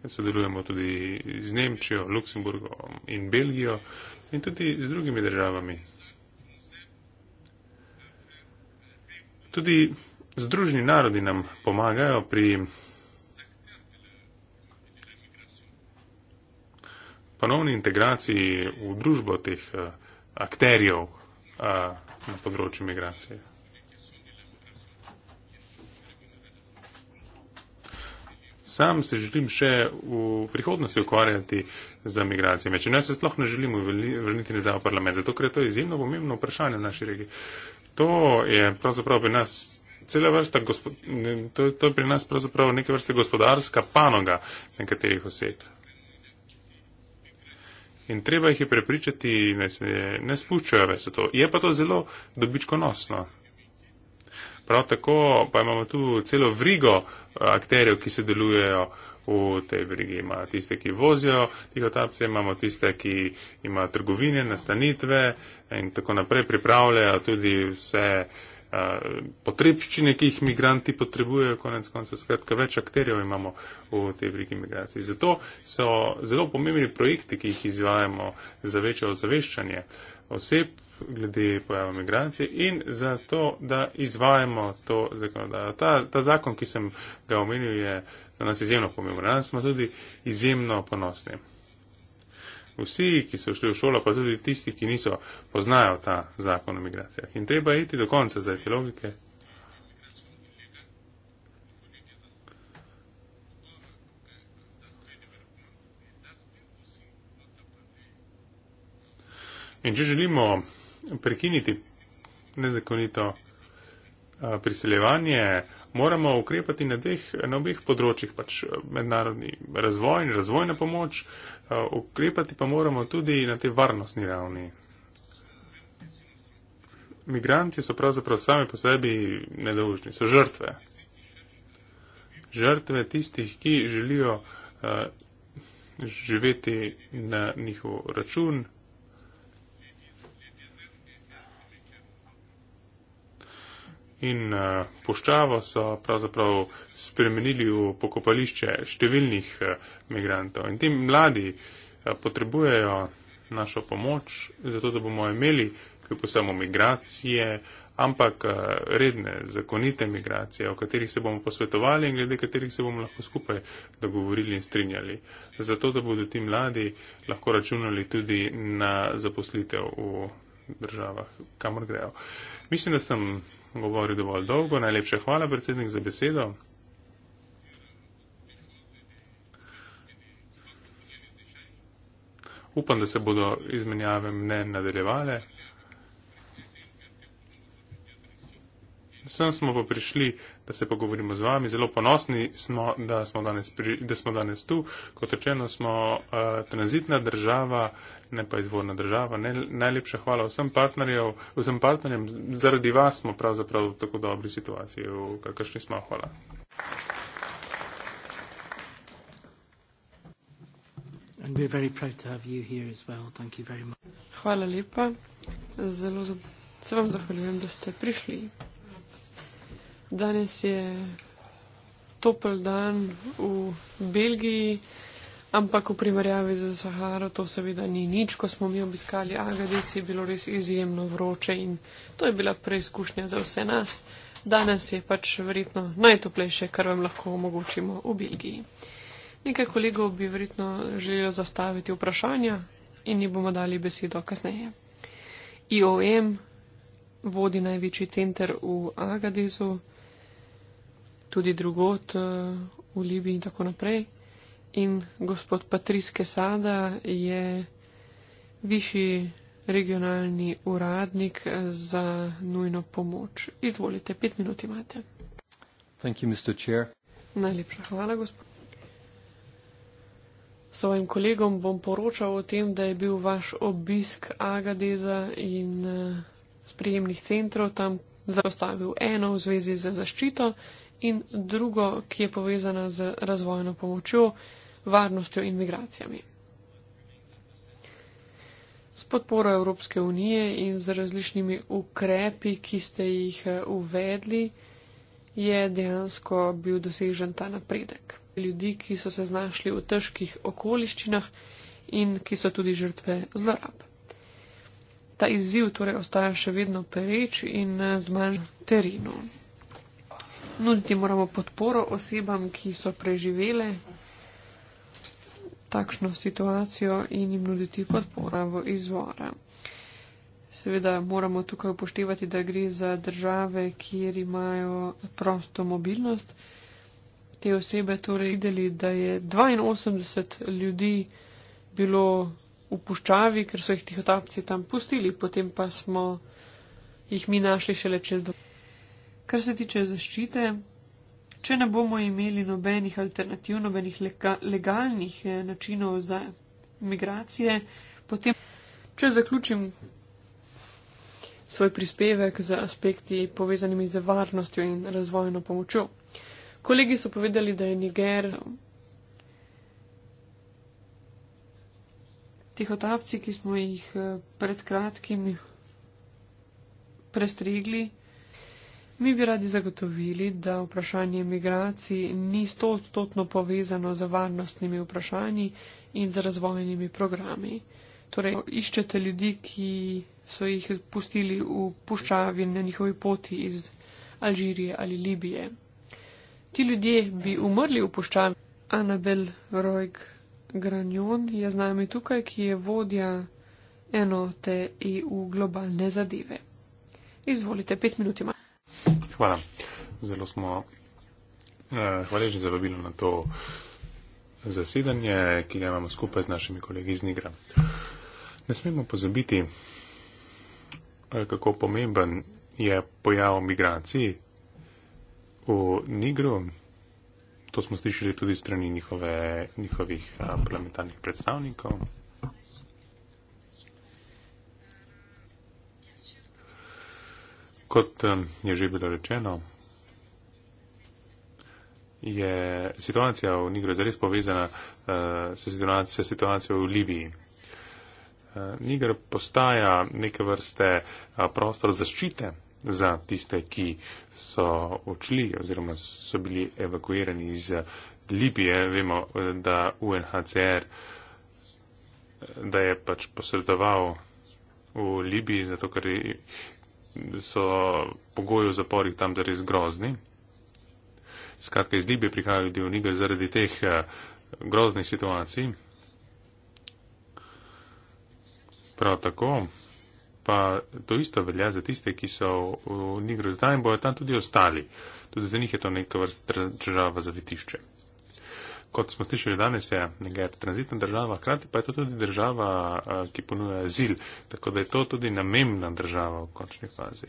sodelujemo tudi z Nemčijo, Luksemburgom in Belgijo in tudi z drugimi državami. Tudi združni narodi nam pomagajo pri ponovni integraciji v družbo teh eh, akterjev eh, na področju migracije. sam se želim še v prihodnosti ukvarjati z migracijami. Če ne, se sploh ne želimo vrniti nazaj v parlament, zato ker je to izjemno pomembno vprašanje v naši regiji. To je pravzaprav pri nas. Cela vrsta, to, to je pri nas pravzaprav neke vrste gospodarska panoga nekaterih oseb. In treba jih je prepričati, da se ne spuščajo več v to. Je pa to zelo dobičkonosno. Prav tako pa imamo tu celo vrigo eh, akterjev, ki sodelujejo v tej verigi. Ima tiste, ki vozijo tihotapce, imamo tiste, ki ima trgovine, nastanitve in tako naprej pripravljajo tudi vse eh, potrebščine, ki jih migranti potrebujejo, konec koncev skratka več akterjev imamo v tej vrigi migracij. Zato so zelo pomembni projekti, ki jih izvajamo za večje ozaveščanje. Uh, oseb, glede pojava migracije in za to, da izvajamo to zakonodajo. Ta, ta zakon, ki sem ga omenil, je za nas izjemno pomemben. Nas smo tudi izjemno ponosni. Vsi, ki so šli v šolo, pa tudi tisti, ki niso, poznajo ta zakon o migracijah. In treba iti do konca zdaj te logike, In če želimo prekiniti nezakonito priseljevanje, moramo ukrepati na, dveh, na obeh področjih, pač mednarodni razvoj in razvojna pomoč, ukrepati pa moramo tudi na te varnostni ravni. Migranti so pravzaprav sami po sebi nedolžni, so žrtve. Žrtve tistih, ki želijo uh, živeti na njihov račun, in eh, puščavo so pravzaprav spremenili v pokopališče številnih eh, migrantov. In ti mladi eh, potrebujejo našo pomoč, zato da bomo imeli kljub samo migracije, ampak redne, zakonite migracije, o katerih se bomo posvetovali in glede katerih se bomo lahko skupaj dogovorili in strinjali. Zato, da bodo ti mladi lahko računali tudi na zaposlitev v državah, kamor grejo. Mislim, da sem govoril dovolj dolgo. Najlepša hvala, predsednik, za besedo. Upam, da se bodo izmenjave mnen nadaljevale. sem smo pa prišli, da se pogovorimo z vami. Zelo ponosni smo, da smo danes, pri, da smo danes tu. Kot rečeno, smo uh, tranzitna država, ne pa izvorna država. Ne, najlepša hvala vsem, vsem partnerjem. Zaradi vas smo pravzaprav v tako dobri situaciji, v kakršni smo. Hvala. Well. Hvala lepa. Zelo se vam zahvaljujem, da ste prišli. Danes je topel dan v Belgiji, ampak v primerjavi z Saharo to seveda ni nič. Ko smo mi obiskali Agadez, je bilo res izjemno vroče in to je bila preizkušnja za vse nas. Danes je pač verjetno najtoplejše, kar vam lahko omogočimo v Belgiji. Nekaj kolegov bi verjetno želelo zastaviti vprašanja in jim bomo dali besedo kasneje. IOM vodi največji center v Agadezu tudi drugot eh, v Libiji in tako naprej. In gospod Patris Kesada je višji regionalni uradnik eh, za nujno pomoč. Izvolite, pet minut imate. Thank you, Mr. Chair. Najlepša hvala, gospod. Svojim kolegom bom poročal o tem, da je bil vaš obisk Agadeza in eh, sprejemnih centrov tam zastavil eno v zvezi z zaščito in drugo, ki je povezana z razvojno pomočjo, varnostjo in migracijami. S podporo Evropske unije in z različnimi ukrepi, ki ste jih eh, uvedli, je dejansko bil dosežen ta napredek. Ljudi, ki so se znašli v težkih okoliščinah in ki so tudi žrtve zlorab. Ta izziv torej ostaja še vedno pereč in eh, zmanj terinu nuditi moramo podporo osebam, ki so preživele takšno situacijo in jim nuditi podporo v izvora. Seveda moramo tukaj upoštevati, da gre za države, kjer imajo prosto mobilnost. Te osebe torej videli, da je 82 ljudi bilo v puščavi, ker so jih tihotapci tam pustili, potem pa smo jih mi našli šele čez dva. Kar se tiče zaščite, če ne bomo imeli nobenih alternativ, nobenih lega, legalnih eh, načinov za migracije, potem, če zaključim svoj prispevek z aspekti povezanimi z varnostjo in razvojno pomočjo. Kolegi so povedali, da je Niger. Tihotapci, ki smo jih eh, pred kratkim prestrigli, Mi bi radi zagotovili, da vprašanje migracij ni stotstotno povezano z varnostnimi vprašanji in z razvojnimi programi. Torej, iščete ljudi, ki so jih pustili v puščavi na njihovi poti iz Alžirije ali Libije. Ti ljudje bi umrli v puščavi. Anabel Rojk Granjon je z nami tukaj, ki je vodja enote EU globalne zadeve. Izvolite, pet minut imate. Hvala. Zelo smo eh, hvaležni za vabilo na to zasedanje, ki ga imamo skupaj z našimi kolegi iz Nigra. Ne smemo pozabiti, eh, kako pomemben je pojav migracij v Nigru. To smo slišali tudi strani njihove, njihovih eh, parlamentarnih predstavnikov. Kot je že bilo rečeno, je situacija v Nigru zares povezana eh, s situacijo, s situacijo v Libiji. Eh, Niger postaja neke vrste eh, prostor zaščite za tiste, ki so odšli oziroma so bili evakuirani iz Libije. Vemo, da UNHCR da je pač posredoval v Libiji, zato ker so pogoji v zaporih tam res grozni. Skratka, iz Libije prihajajo ljudje v Niger zaradi teh eh, groznih situacij. Prav tako pa to isto velja za tiste, ki so v Nigru zdaj in bojo tam tudi ostali. Tudi za njih je to neka vrsta država za vetišče kot smo slišali danes, je Niger tranzitna država, hkrati pa je to tudi država, ki ponuja azil, tako da je to tudi namemna država v končni fazi.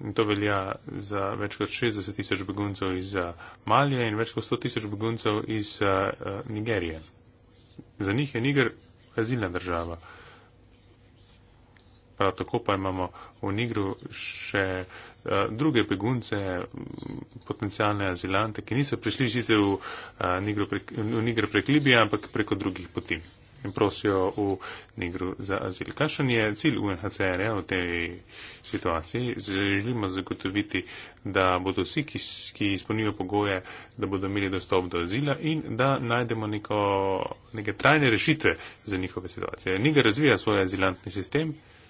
In to velja za več kot 60 tisoč beguncev iz Malije in več kot 100 tisoč beguncev iz Nigerije. Za njih je Niger azilna država. Prav tako pa imamo v Nigru še Eh, druge begunce, mm, potencijalne azilante, ki niso prišli žize v, eh, v Nigro prek Libije, ampak preko drugih poti in prosijo v Nigru za azil. Kakšen je cilj UNHCR-ja v tej situaciji? Želimo zagotoviti, da bodo vsi, ki, ki izpolnijo pogoje, da bodo imeli dostop do azila in da najdemo neko, neke trajne rešitve za njihove situacije. Nigra razvija svoj azilantni sistem. Uh,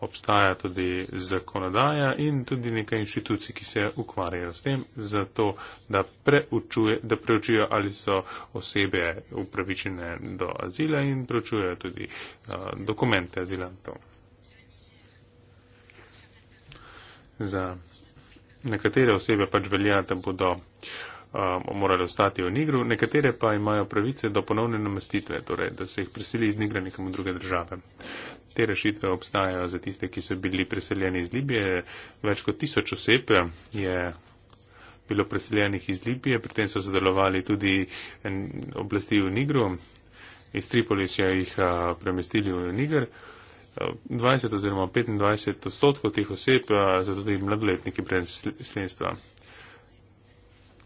obstaja tudi zakonodaja in tudi nekaj inštitucij, ki se ukvarjajo s tem, zato da, preučuje, da preučujo, ali so osebe upravičene do azila in preučujo tudi uh, dokumente azilantov. Za nekatere osebe pač velja, da bodo uh, um, morali ostati v Nigru, nekatere pa imajo pravice do ponovne namestitve, torej da se jih prisili iz Nigra nekam v druge države te rešitve obstajajo za tiste, ki so bili preseljeni iz Libije. Več kot tisoč oseb je bilo preseljenih iz Libije, pri tem so sodelovali tudi oblasti v Nigru. Iz Tripolis je jih premestili v Niger. 20 oziroma 25 odstotkov teh oseb so tudi mladoletniki brez sledstva.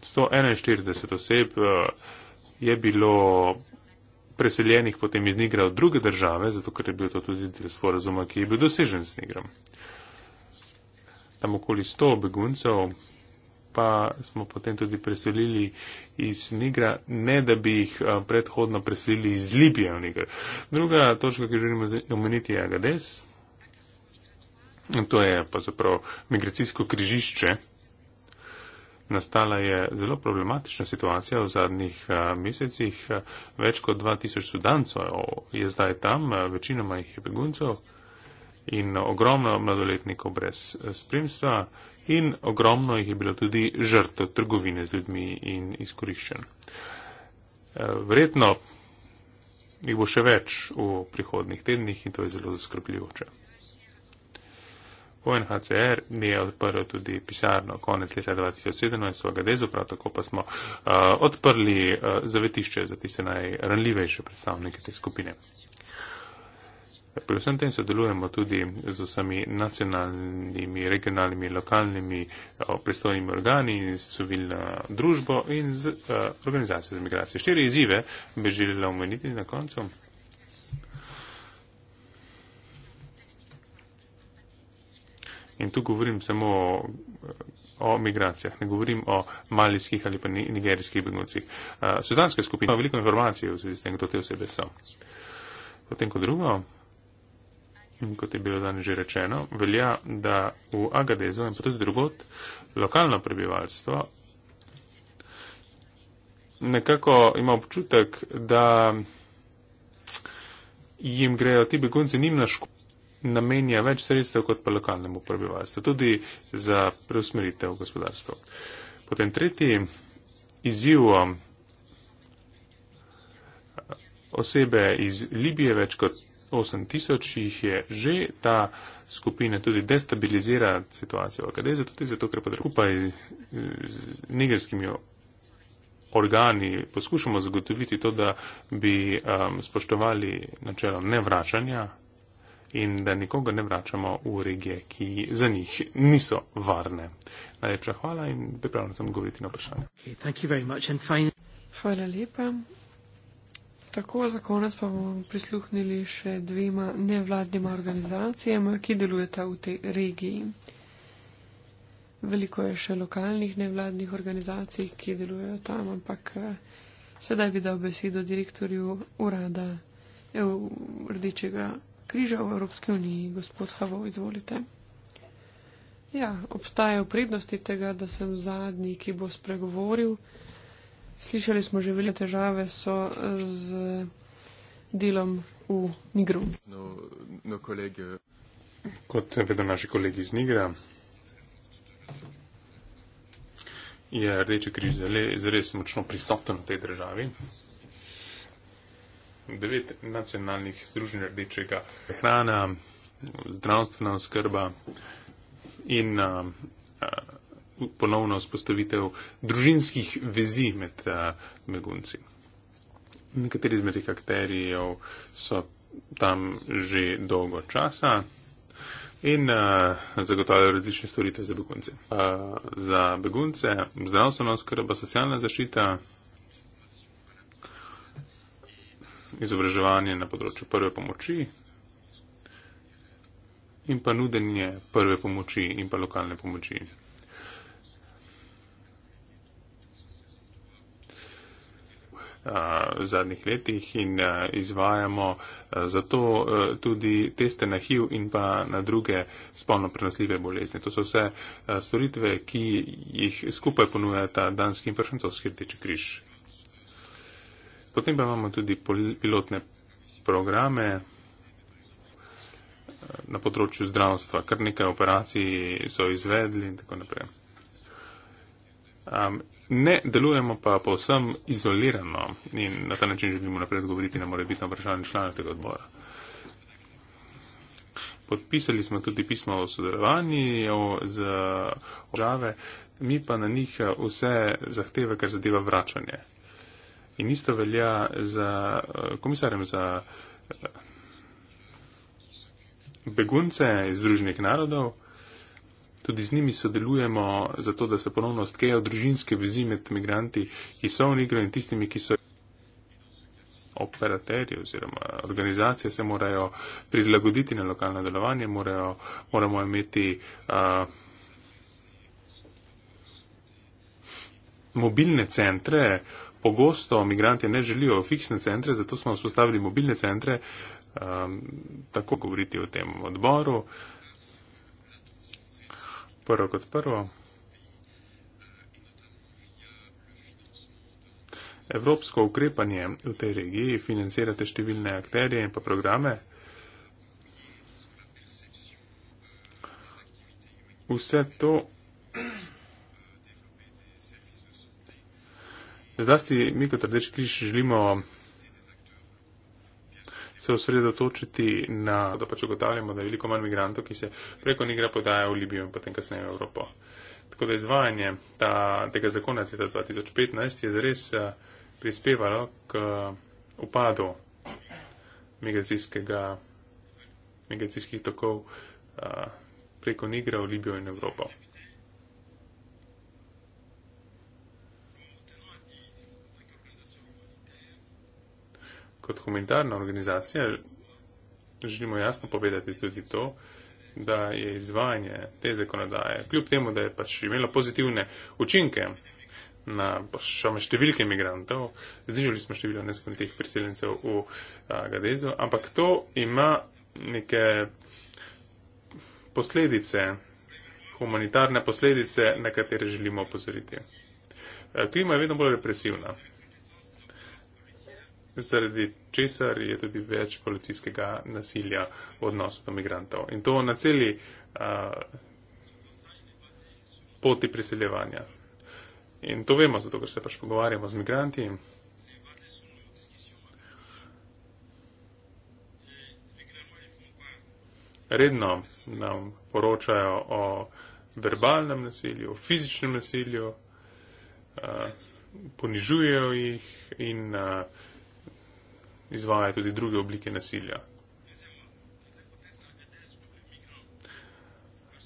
141 oseb je bilo preseljenih potem iz Nigra v druge države, zato ker je bil to tudi del sporazuma, ki je bil dosežen s Nigrom. Tam okoli 100 beguncev pa smo potem tudi preselili iz Nigra, ne da bi jih eh, predhodno preselili iz Libije v Nigr. Druga točka, ki želimo omeniti, je Agades. To je pa zapravo migracijsko križišče Nastala je zelo problematična situacija v zadnjih eh, mesecih. Več kot 2000 sudancov je zdaj tam, eh, večinoma jih je beguncev in ogromno mladoletnikov brez eh, spremstva in ogromno jih je bilo tudi žrtv trgovine z ljudmi in izkoriščen. Vredno jih bo še več v prihodnih tednih in to je zelo zaskrbljujoče. UNHCR mi je odprl tudi pisarno konec leta 2017 svojega dezu, prav tako pa smo uh, odprli uh, zavetišče za tiste najranljivejše predstavnike te skupine. Pri vsem tem sodelujemo tudi z vsemi nacionalnimi, regionalnimi, lokalnimi eh, pristojnimi organi in s civilno družbo in z uh, organizacijo za migracije. Štiri izzive bi želela omeniti na koncu. In tu govorim samo o, o migracijah, ne govorim o malijskih ali pa nigerijskih begoncih. Uh, Sudanska skupina ima veliko informacij v zvezi s tem, kdo te osebe so. Potem kot drugo, kot je bilo danes že rečeno, velja, da v Agadezu in pa tudi drugot lokalno prebivalstvo nekako ima občutek, da jim grejo ti begunci njim na škodo namenja več sredstev kot pa lokalnemu prebivalstvu, tudi za preusmeritev gospodarstva. Potem tretji izziv um, osebe iz Libije, več kot 8 tisoč jih je že, ta skupina tudi destabilizira situacijo v Akadezu, tudi zato, ker potrebujemo skupaj z nigerskimi organi poskušamo zagotoviti to, da bi um, spoštovali načelo nevračanja in da nikogo ne vračamo v regije, ki za njih niso varne. Najlepša hvala in pripravljen sem govoriti na vprašanje. Okay, hvala lepa. Tako za konec pa bomo prisluhnili še dvema nevladnima organizacijama, ki delujeta v tej regiji. Veliko je še lokalnih nevladnih organizacij, ki delujejo tam, ampak eh, sedaj bi dal besedo direktorju urada Rdečega križa v Evropski uniji. Gospod Havo, izvolite. Ja, obstajajo prednosti tega, da sem zadnji, ki bo spregovoril. Slišali smo že veliko težave so z delom v Nigru. No, no kolegi. Kot vedo naši kolegi iz Nigra, je Rdeči križ zares močno prisoten v tej državi devet nacionalnih združenj rdečega. Hrana, zdravstvena oskrba in a, a, ponovno spostavitev družinskih vezi med a, begunci. Nekateri izmed teh akterijev so tam že dolgo časa in uh, zagotavljajo različne storitve za begunce. Uh, za begunce, zdravstveno skrb, socialna zaščita, izobraževanje na področju prve pomoči in pa nudenje prve pomoči in pa lokalne pomoči. V zadnjih letih in izvajamo zato tudi teste na HIV in pa na druge spolno prenosljive bolezni. To so vse storitve, ki jih skupaj ponujata Danski in Pršancovski rdeči križ. Potem pa imamo tudi pilotne programe eh, na področju zdravstva, kar nekaj operacij so izvedli in tako naprej. Um, ne delujemo pa povsem izolirano in na ta način želimo naprej govoriti na morebitno vprašanje članov tega odbora. Podpisali smo tudi pismo o sodelovanju z države, mi pa na njih eh, vse zahteve, kar zadeva vračanje. In isto velja za eh, komisarjem za eh, begunce iz Združenih narodov. Tudi z njimi sodelujemo zato, da se ponovno stkejo družinske vezi med migranti, ki so v igri in tistimi, ki so operaterji oziroma organizacije se morajo prilagoditi na lokalno delovanje, morajo, moramo imeti uh, mobilne centre, uh, pogosto migranti ne želijo fiksne centre, zato smo vzpostavili mobilne centre, um, tako govoriti o tem odboru. Prvo kot prvo. Evropsko ukrepanje v tej regiji financirate številne akterje in pa programe. Vse to Zlasti mi kot Rdeč križ želimo se osredotočiti na, da pač ugotavljamo, da je veliko manj migrantov, ki se preko Nigra podaja v Libijo in potem kasneje v Evropo. Tako da izvajanje ta, tega zakona iz leta 2015 je zares eh, prispevalo k upadu migracijskih tokov a, eh, preko Nigra v Libijo in Evropo. kot humanitarna organizacija želimo jasno povedati tudi to, da je izvajanje te zakonodaje, kljub temu, da je pač imelo pozitivne učinke na šome številke imigrantov, znižali smo število nezakonitih priseljencev v Gadezu, ampak to ima neke posledice, humanitarne posledice, na katere želimo opozoriti. E, klima je vedno bolj represivna zaradi česar je tudi več policijskega nasilja v odnosu do migrantov. In to na celi uh, poti priseljevanja. In to vemo, zato ker se pač pogovarjamo z migranti. Redno nam poročajo o verbalnem nasilju, o fizičnem nasilju, uh, ponižujejo jih in uh, izvajajo tudi druge oblike nasilja.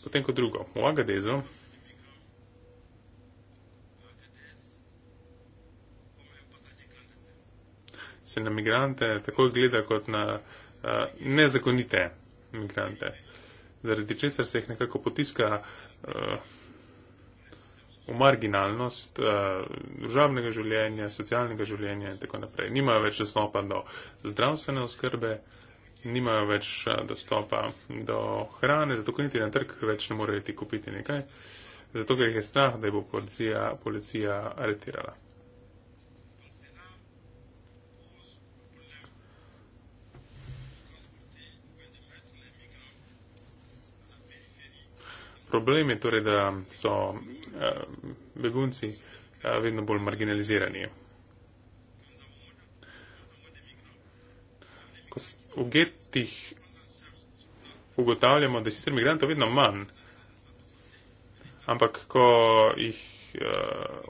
Potem kot drugo, v Agadezu se na migrante tako gleda kot na uh, nezakonite migrante, zaradi česar se jih nekako potiska. Uh, v marginalnost uh, eh, družavnega življenja, socialnega življenja in tako naprej. Nimajo več dostopa do zdravstvene oskrbe, nimajo več eh, dostopa do hrane, zato ker niti na trg več ne morejo iti kupiti nekaj, zato ker jih je strah, da jih bo policija, policija aretirala. Problem je torej, da so uh, begunci uh, vedno bolj marginalizirani. Ko v getih ugotavljamo, da je sicer migrantov vedno manj, ampak ko jih uh,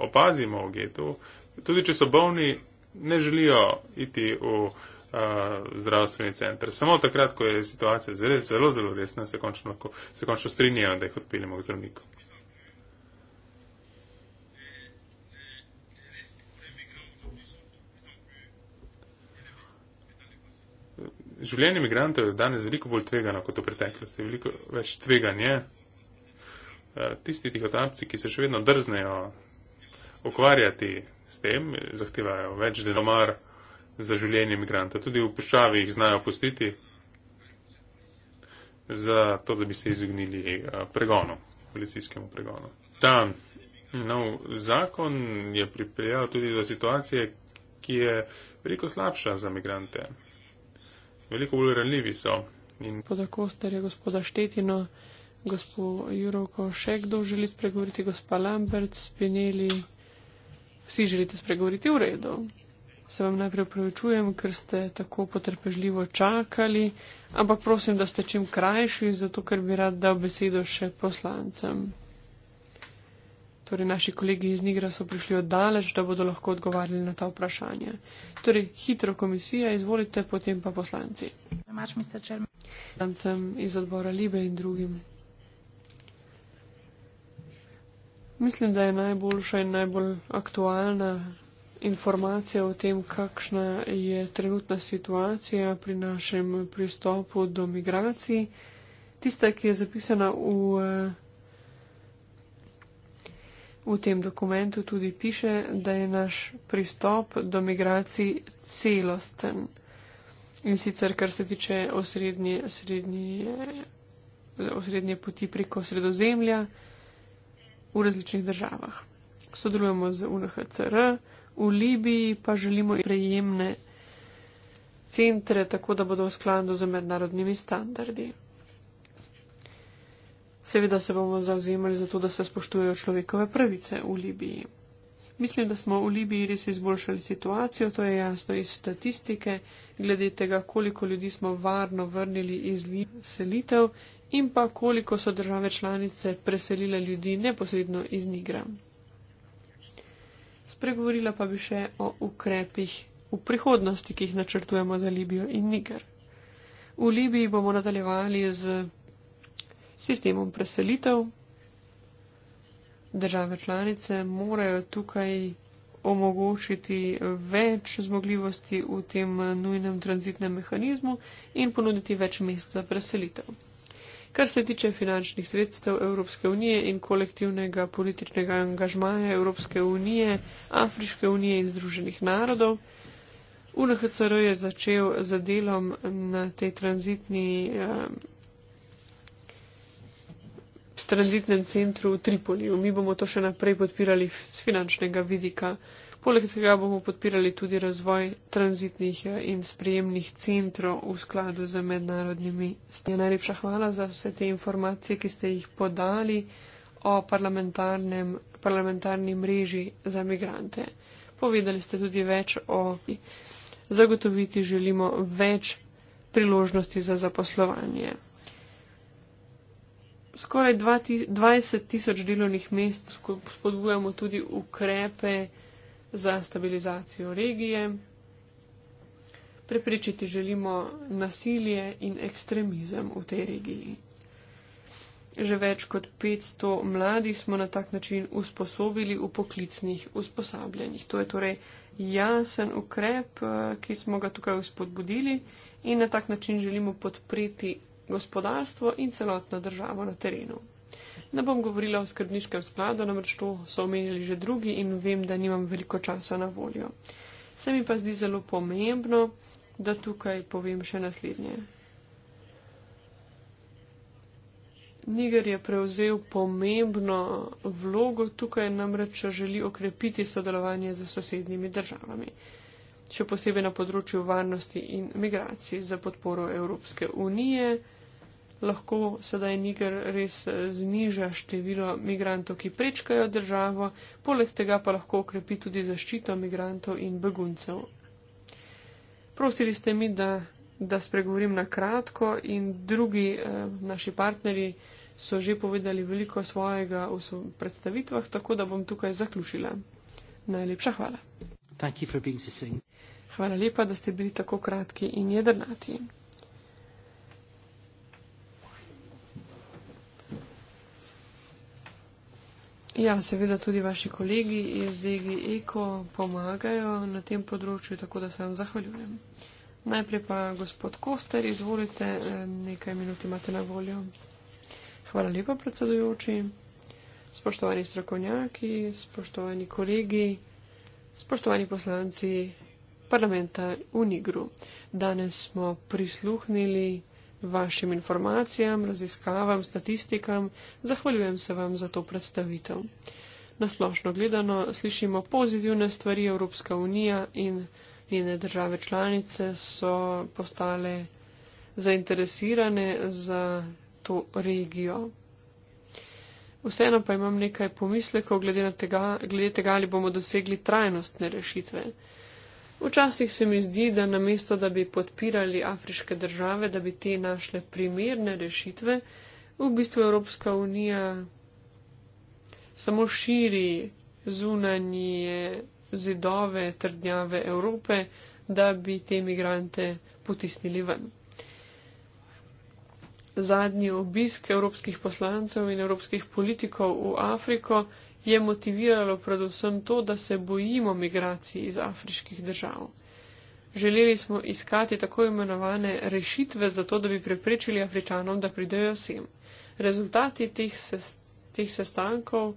opazimo v getu, tudi če so bolni, ne želijo iti v. Uh, zdravstveni center. Samo takrat, ko je situacija zares zelo, zelo resna, se končno, lahko, se končno strinjajo, da jih odpeljemo k zdravniku. Življenje imigrantov je danes veliko bolj tvegano kot v preteklosti, veliko več tveganje. Tisti tihotapci, ki se še vedno drznejo ukvarjati s tem, zahtevajo več denomar, za življenje imigranta. Tudi v puščavi jih znajo pustiti, za to, da bi se izognili eh, pregonu, policijskemu pregonu. Ta nov zakon je pripeljal tudi do situacije, ki je veliko slabša za imigrante. Veliko bolj ranljivi so. In... Gospoda Koster je gospoda Štetino, gospod Juroko, še kdo želi spregovoriti, gospa Lambert, Spinelli. Vsi želite spregovoriti v redu. Se vam najprej opravičujem, ker ste tako potrpežljivo čakali, ampak prosim, da ste čim krajši, zato ker bi rad dal besedo še poslancem. Torej, naši kolegi iz Nigra so prišli oddaleč, da bodo lahko odgovarjali na ta vprašanja. Torej, hitro komisija, izvolite, potem pa poslanci. Poslancem iz odbora Libe in drugim. Mislim, da je najboljša in najbolj aktualna informacije o tem, kakšna je trenutna situacija pri našem pristopu do migracij. Tista, ki je zapisana v, eh, v tem dokumentu, tudi piše, da je naš pristop do migracij celosten. In sicer, kar se tiče osrednje, srednje, osrednje poti preko sredozemlja v različnih državah. Sodelujemo z UNHCR. V Libiji pa želimo prejemne centre, tako da bodo v skladu z mednarodnimi standardi. Seveda se bomo zauzemali za to, da se spoštujejo človekove pravice v Libiji. Mislim, da smo v Libiji res izboljšali situacijo, to je jasno iz statistike, glede tega, koliko ljudi smo varno vrnili iz selitev in pa koliko so države članice preselile ljudi neposredno iz Nigra spregovorila pa bi še o ukrepih v prihodnosti, ki jih načrtujemo za Libijo in Niger. V Libiji bomo nadaljevali z sistemom preselitev. Države članice morajo tukaj omogočiti več zmogljivosti v tem nujnem tranzitnem mehanizmu in ponuditi več mest za preselitev. Kar se tiče finančnih sredstev Evropske unije in kolektivnega političnega angažmaja Evropske unije, Afriške unije in Združenih narodov, UNHCR je začel z delom na tej tranzitni, eh, tranzitnem centru v Tripoliju. Mi bomo to še naprej podpirali z finančnega vidika. Poleg tega bomo podpirali tudi razvoj tranzitnih eh, in sprejemnih centrov v skladu z mednarodnimi. Najlepša hvala za vse te informacije, ki ste jih podali o parlamentarni mreži za migrante. Povedali ste tudi več o zagotoviti želimo več priložnosti za zaposlovanje. Skoraj 20 tisoč delovnih mest spodbujamo tudi ukrepe, za stabilizacijo regije. Prepričiti želimo nasilje in ekstremizem v tej regiji. Že več kot 500 mladih smo na tak način usposobili v poklicnih usposabljanjih. To je torej jasen ukrep, eh, ki smo ga tukaj uspodbudili in na tak način želimo podpreti gospodarstvo in celotno državo na terenu. Ne bom govorila o skrbniškem skladu, namreč to so omenjali že drugi in vem, da nimam veliko časa na voljo. Se mi pa zdi zelo pomembno, da tukaj povem še naslednje. Niger je prevzel pomembno vlogo tukaj, namreč želi okrepiti sodelovanje z sosednjimi državami, še posebej na področju varnosti in migracij za podporo Evropske unije lahko sedaj Niger res eh, zniža število migrantov, ki prečkajo državo, poleg tega pa lahko okrepi tudi zaščito migrantov in beguncev. Prosili ste mi, da, da spregovorim na kratko in drugi eh, naši partnerji so že povedali veliko svojega v predstavitvah, tako da bom tukaj zaključila. Najlepša hvala. Hvala lepa, da ste bili tako kratki in jedrnati. Ja, seveda tudi vaši kolegi iz DG Eko pomagajo na tem področju, tako da se vam zahvaljujem. Najprej pa gospod Koster, izvolite, eh, nekaj minut imate na voljo. Hvala lepa, predsedujoči, spoštovani strokovnjaki, spoštovani kolegi, spoštovani poslanci parlamenta v Nigru. Danes smo prisluhnili vašim informacijam, raziskavam, statistikam, zahvaljujem se vam za to predstavitev. Nasplošno gledano slišimo pozitivne stvari, Evropska unija in njene države članice so postale zainteresirane za to regijo. Vseeno pa imam nekaj pomislekov glede tega, glede tega ali bomo dosegli trajnostne rešitve. Včasih se mi zdi, da namesto, da bi podpirali afriške države, da bi te našle primerne rešitve, v bistvu Evropska unija samo širi zunanje zidove trdnjave Evrope, da bi te migrante potisnili ven. Zadnji obisk evropskih poslancev in evropskih politikov v Afriko je motiviralo predvsem to, da se bojimo migracij iz afriških držav. Želeli smo iskati tako imenovane rešitve za to, da bi preprečili Afričanom, da pridejo sem. Rezultati teh, ses, teh sestankov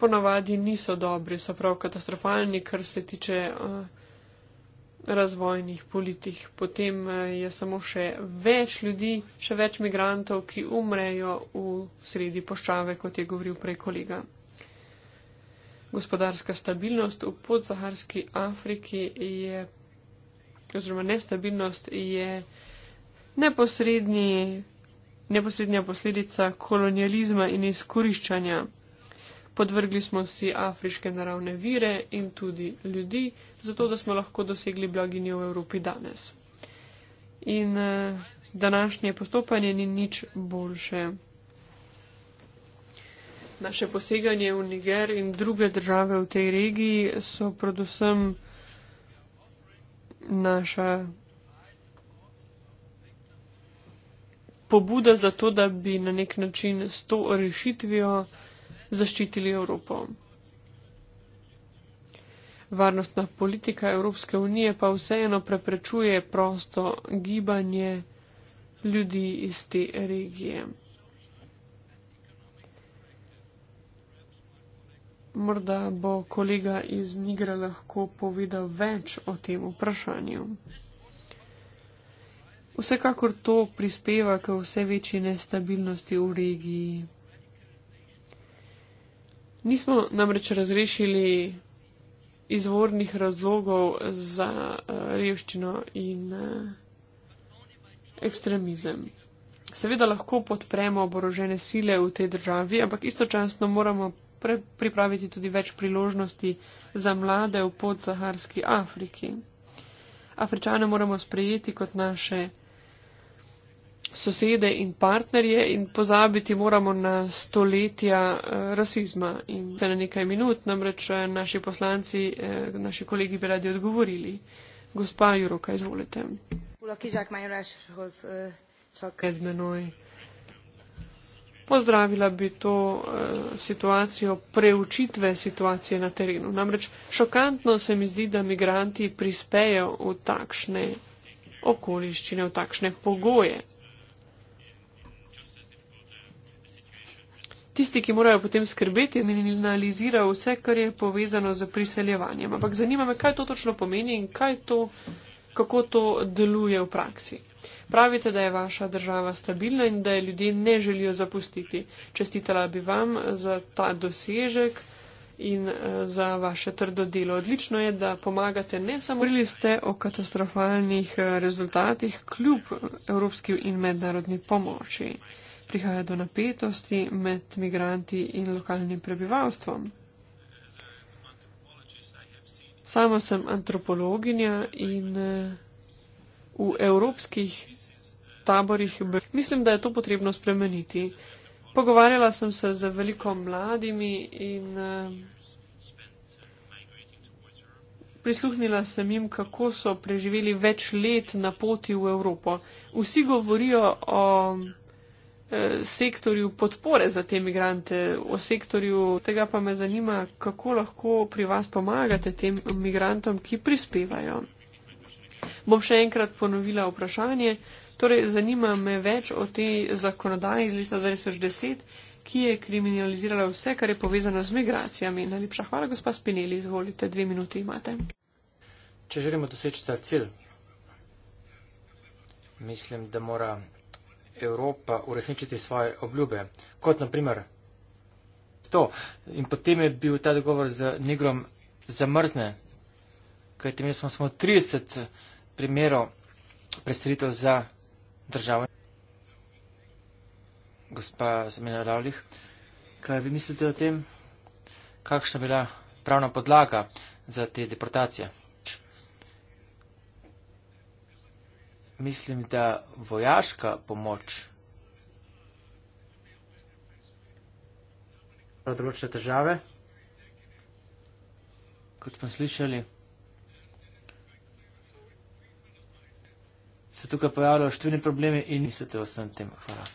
ponavadi niso dobri, so prav katastrofalni, kar se tiče uh, razvojnih politik. Potem eh, je samo še več ljudi, še več migrantov, ki umrejo v sredi poščave, kot je govoril prej kolega. Gospodarska stabilnost v podsaharski Afriki je, oziroma nestabilnost je neposrednji, neposrednja posledica kolonializma in izkoriščanja. Podvrgli smo si afriške naravne vire in tudi ljudi, zato da smo lahko dosegli blaginjo v Evropi danes. In eh, današnje postopanje ni nič boljše. Naše poseganje v Niger in druge države v tej regiji so predvsem naša pobuda za to, da bi na nek način s to rešitvijo zaščitili Evropo. Varnostna politika Evropske unije pa vseeno preprečuje prosto gibanje ljudi iz te regije. Morda bo kolega iz Nigra lahko povedal več o tem vprašanju. Vsekakor to prispeva k vse večji nestabilnosti v regiji. Nismo namreč razrešili izvornih razlogov za eh, revščino in eh, ekstremizem. Seveda lahko podpremo oborožene sile v tej državi, ampak istočasno moramo pripraviti tudi več priložnosti za mlade v podsaharski Afriki. Afričane moramo sprejeti kot naše sosede in partnerje in pozabiti moramo na stoletja eh, rasizma. In za nekaj minut namreč eh, naši poslanci, eh, naši kolegi bi radi odgovorili. Gospa Juroka, izvolite. Pred menoj. Pozdravila bi to situacijo preučitve situacije na terenu. Namreč šokantno se mi zdi, da migranti prispejo v takšne okoliščine, v takšne pogoje. tisti, ki morajo potem skrbeti in analizirajo vse, kar je povezano z priseljevanjem. Ampak zanima me, kaj to točno pomeni in to, kako to deluje v praksi. Pravite, da je vaša država stabilna in da je ljudje ne želijo zapustiti. Čestitala bi vam za ta dosežek in eh, za vaše trdo delo. Odlično je, da pomagate ne samo. Govorili ste o katastrofalnih eh, rezultatih kljub eh, evropski in mednarodni pomoči prihaja do napetosti med migranti in lokalnim prebivalstvom. Sama sem antropologinja in eh, v evropskih taborih mislim, da je to potrebno spremeniti. Pogovarjala sem se z veliko mladimi in eh, prisluhnila sem jim, kako so preživeli več let na poti v Evropo. Vsi govorijo o Eh, sektorju podpore za te migrante, o sektorju tega pa me zanima, kako lahko pri vas pomagate tem migrantom, ki prispevajo. Bom še enkrat ponovila vprašanje. Torej, zanima me več o tej zakonodaji iz leta 2010, ki je kriminalizirala vse, kar je povezano z migracijami. Najlepša hvala, gospa Spinelli, izvolite, dve minuti imate. Če želimo doseči ta cilj, mislim, da mora Evropa uresničiti svoje obljube. Kot naprimer to. In potem je bil ta dogovor z Nigrom zamrzne, kaj temi smo samo 30 primerov predstavitev za državo. Gospa Zemena Ravlih, kaj vi mislite o tem? Kakšna bila pravna podlaga za te deportacije? mislim, da vojaška pomoč področja države, kot smo slišali, se tukaj pojavljajo številni problemi in mislite o vsem tem. Hvala.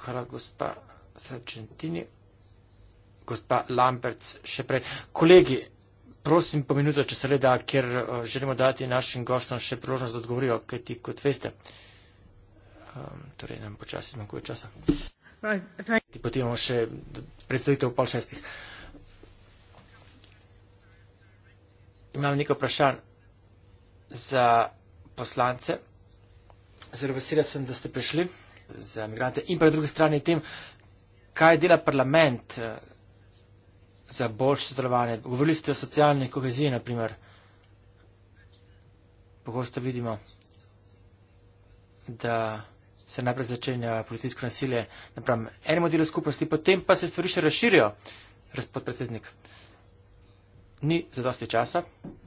Hvala, gospa Sargentini. Gospa Lamperc, še prej. Kolegi, prosim po minuto, če se le da, ker eh, želimo dati našim gostom še priložnost, da odgovorijo, kaj ti kot veste. Um, torej, nam počasi zmanjkuje časa. Right, Potem imamo še predstavitev v pol šestih. Imam nekaj vprašanj za poslance. Zelo vesela sem, da ste prišli za imigrante in pa na drugi strani tem, kaj dela parlament eh, za boljše sodelovanje. Govorili ste o socialni koheziji, naprimer. Pogosto vidimo, da se najprej začenja policijsko nasilje napram enemu delu skupnosti, potem pa se stvari še razširijo, razpod predsednik. Ni za dosti časa.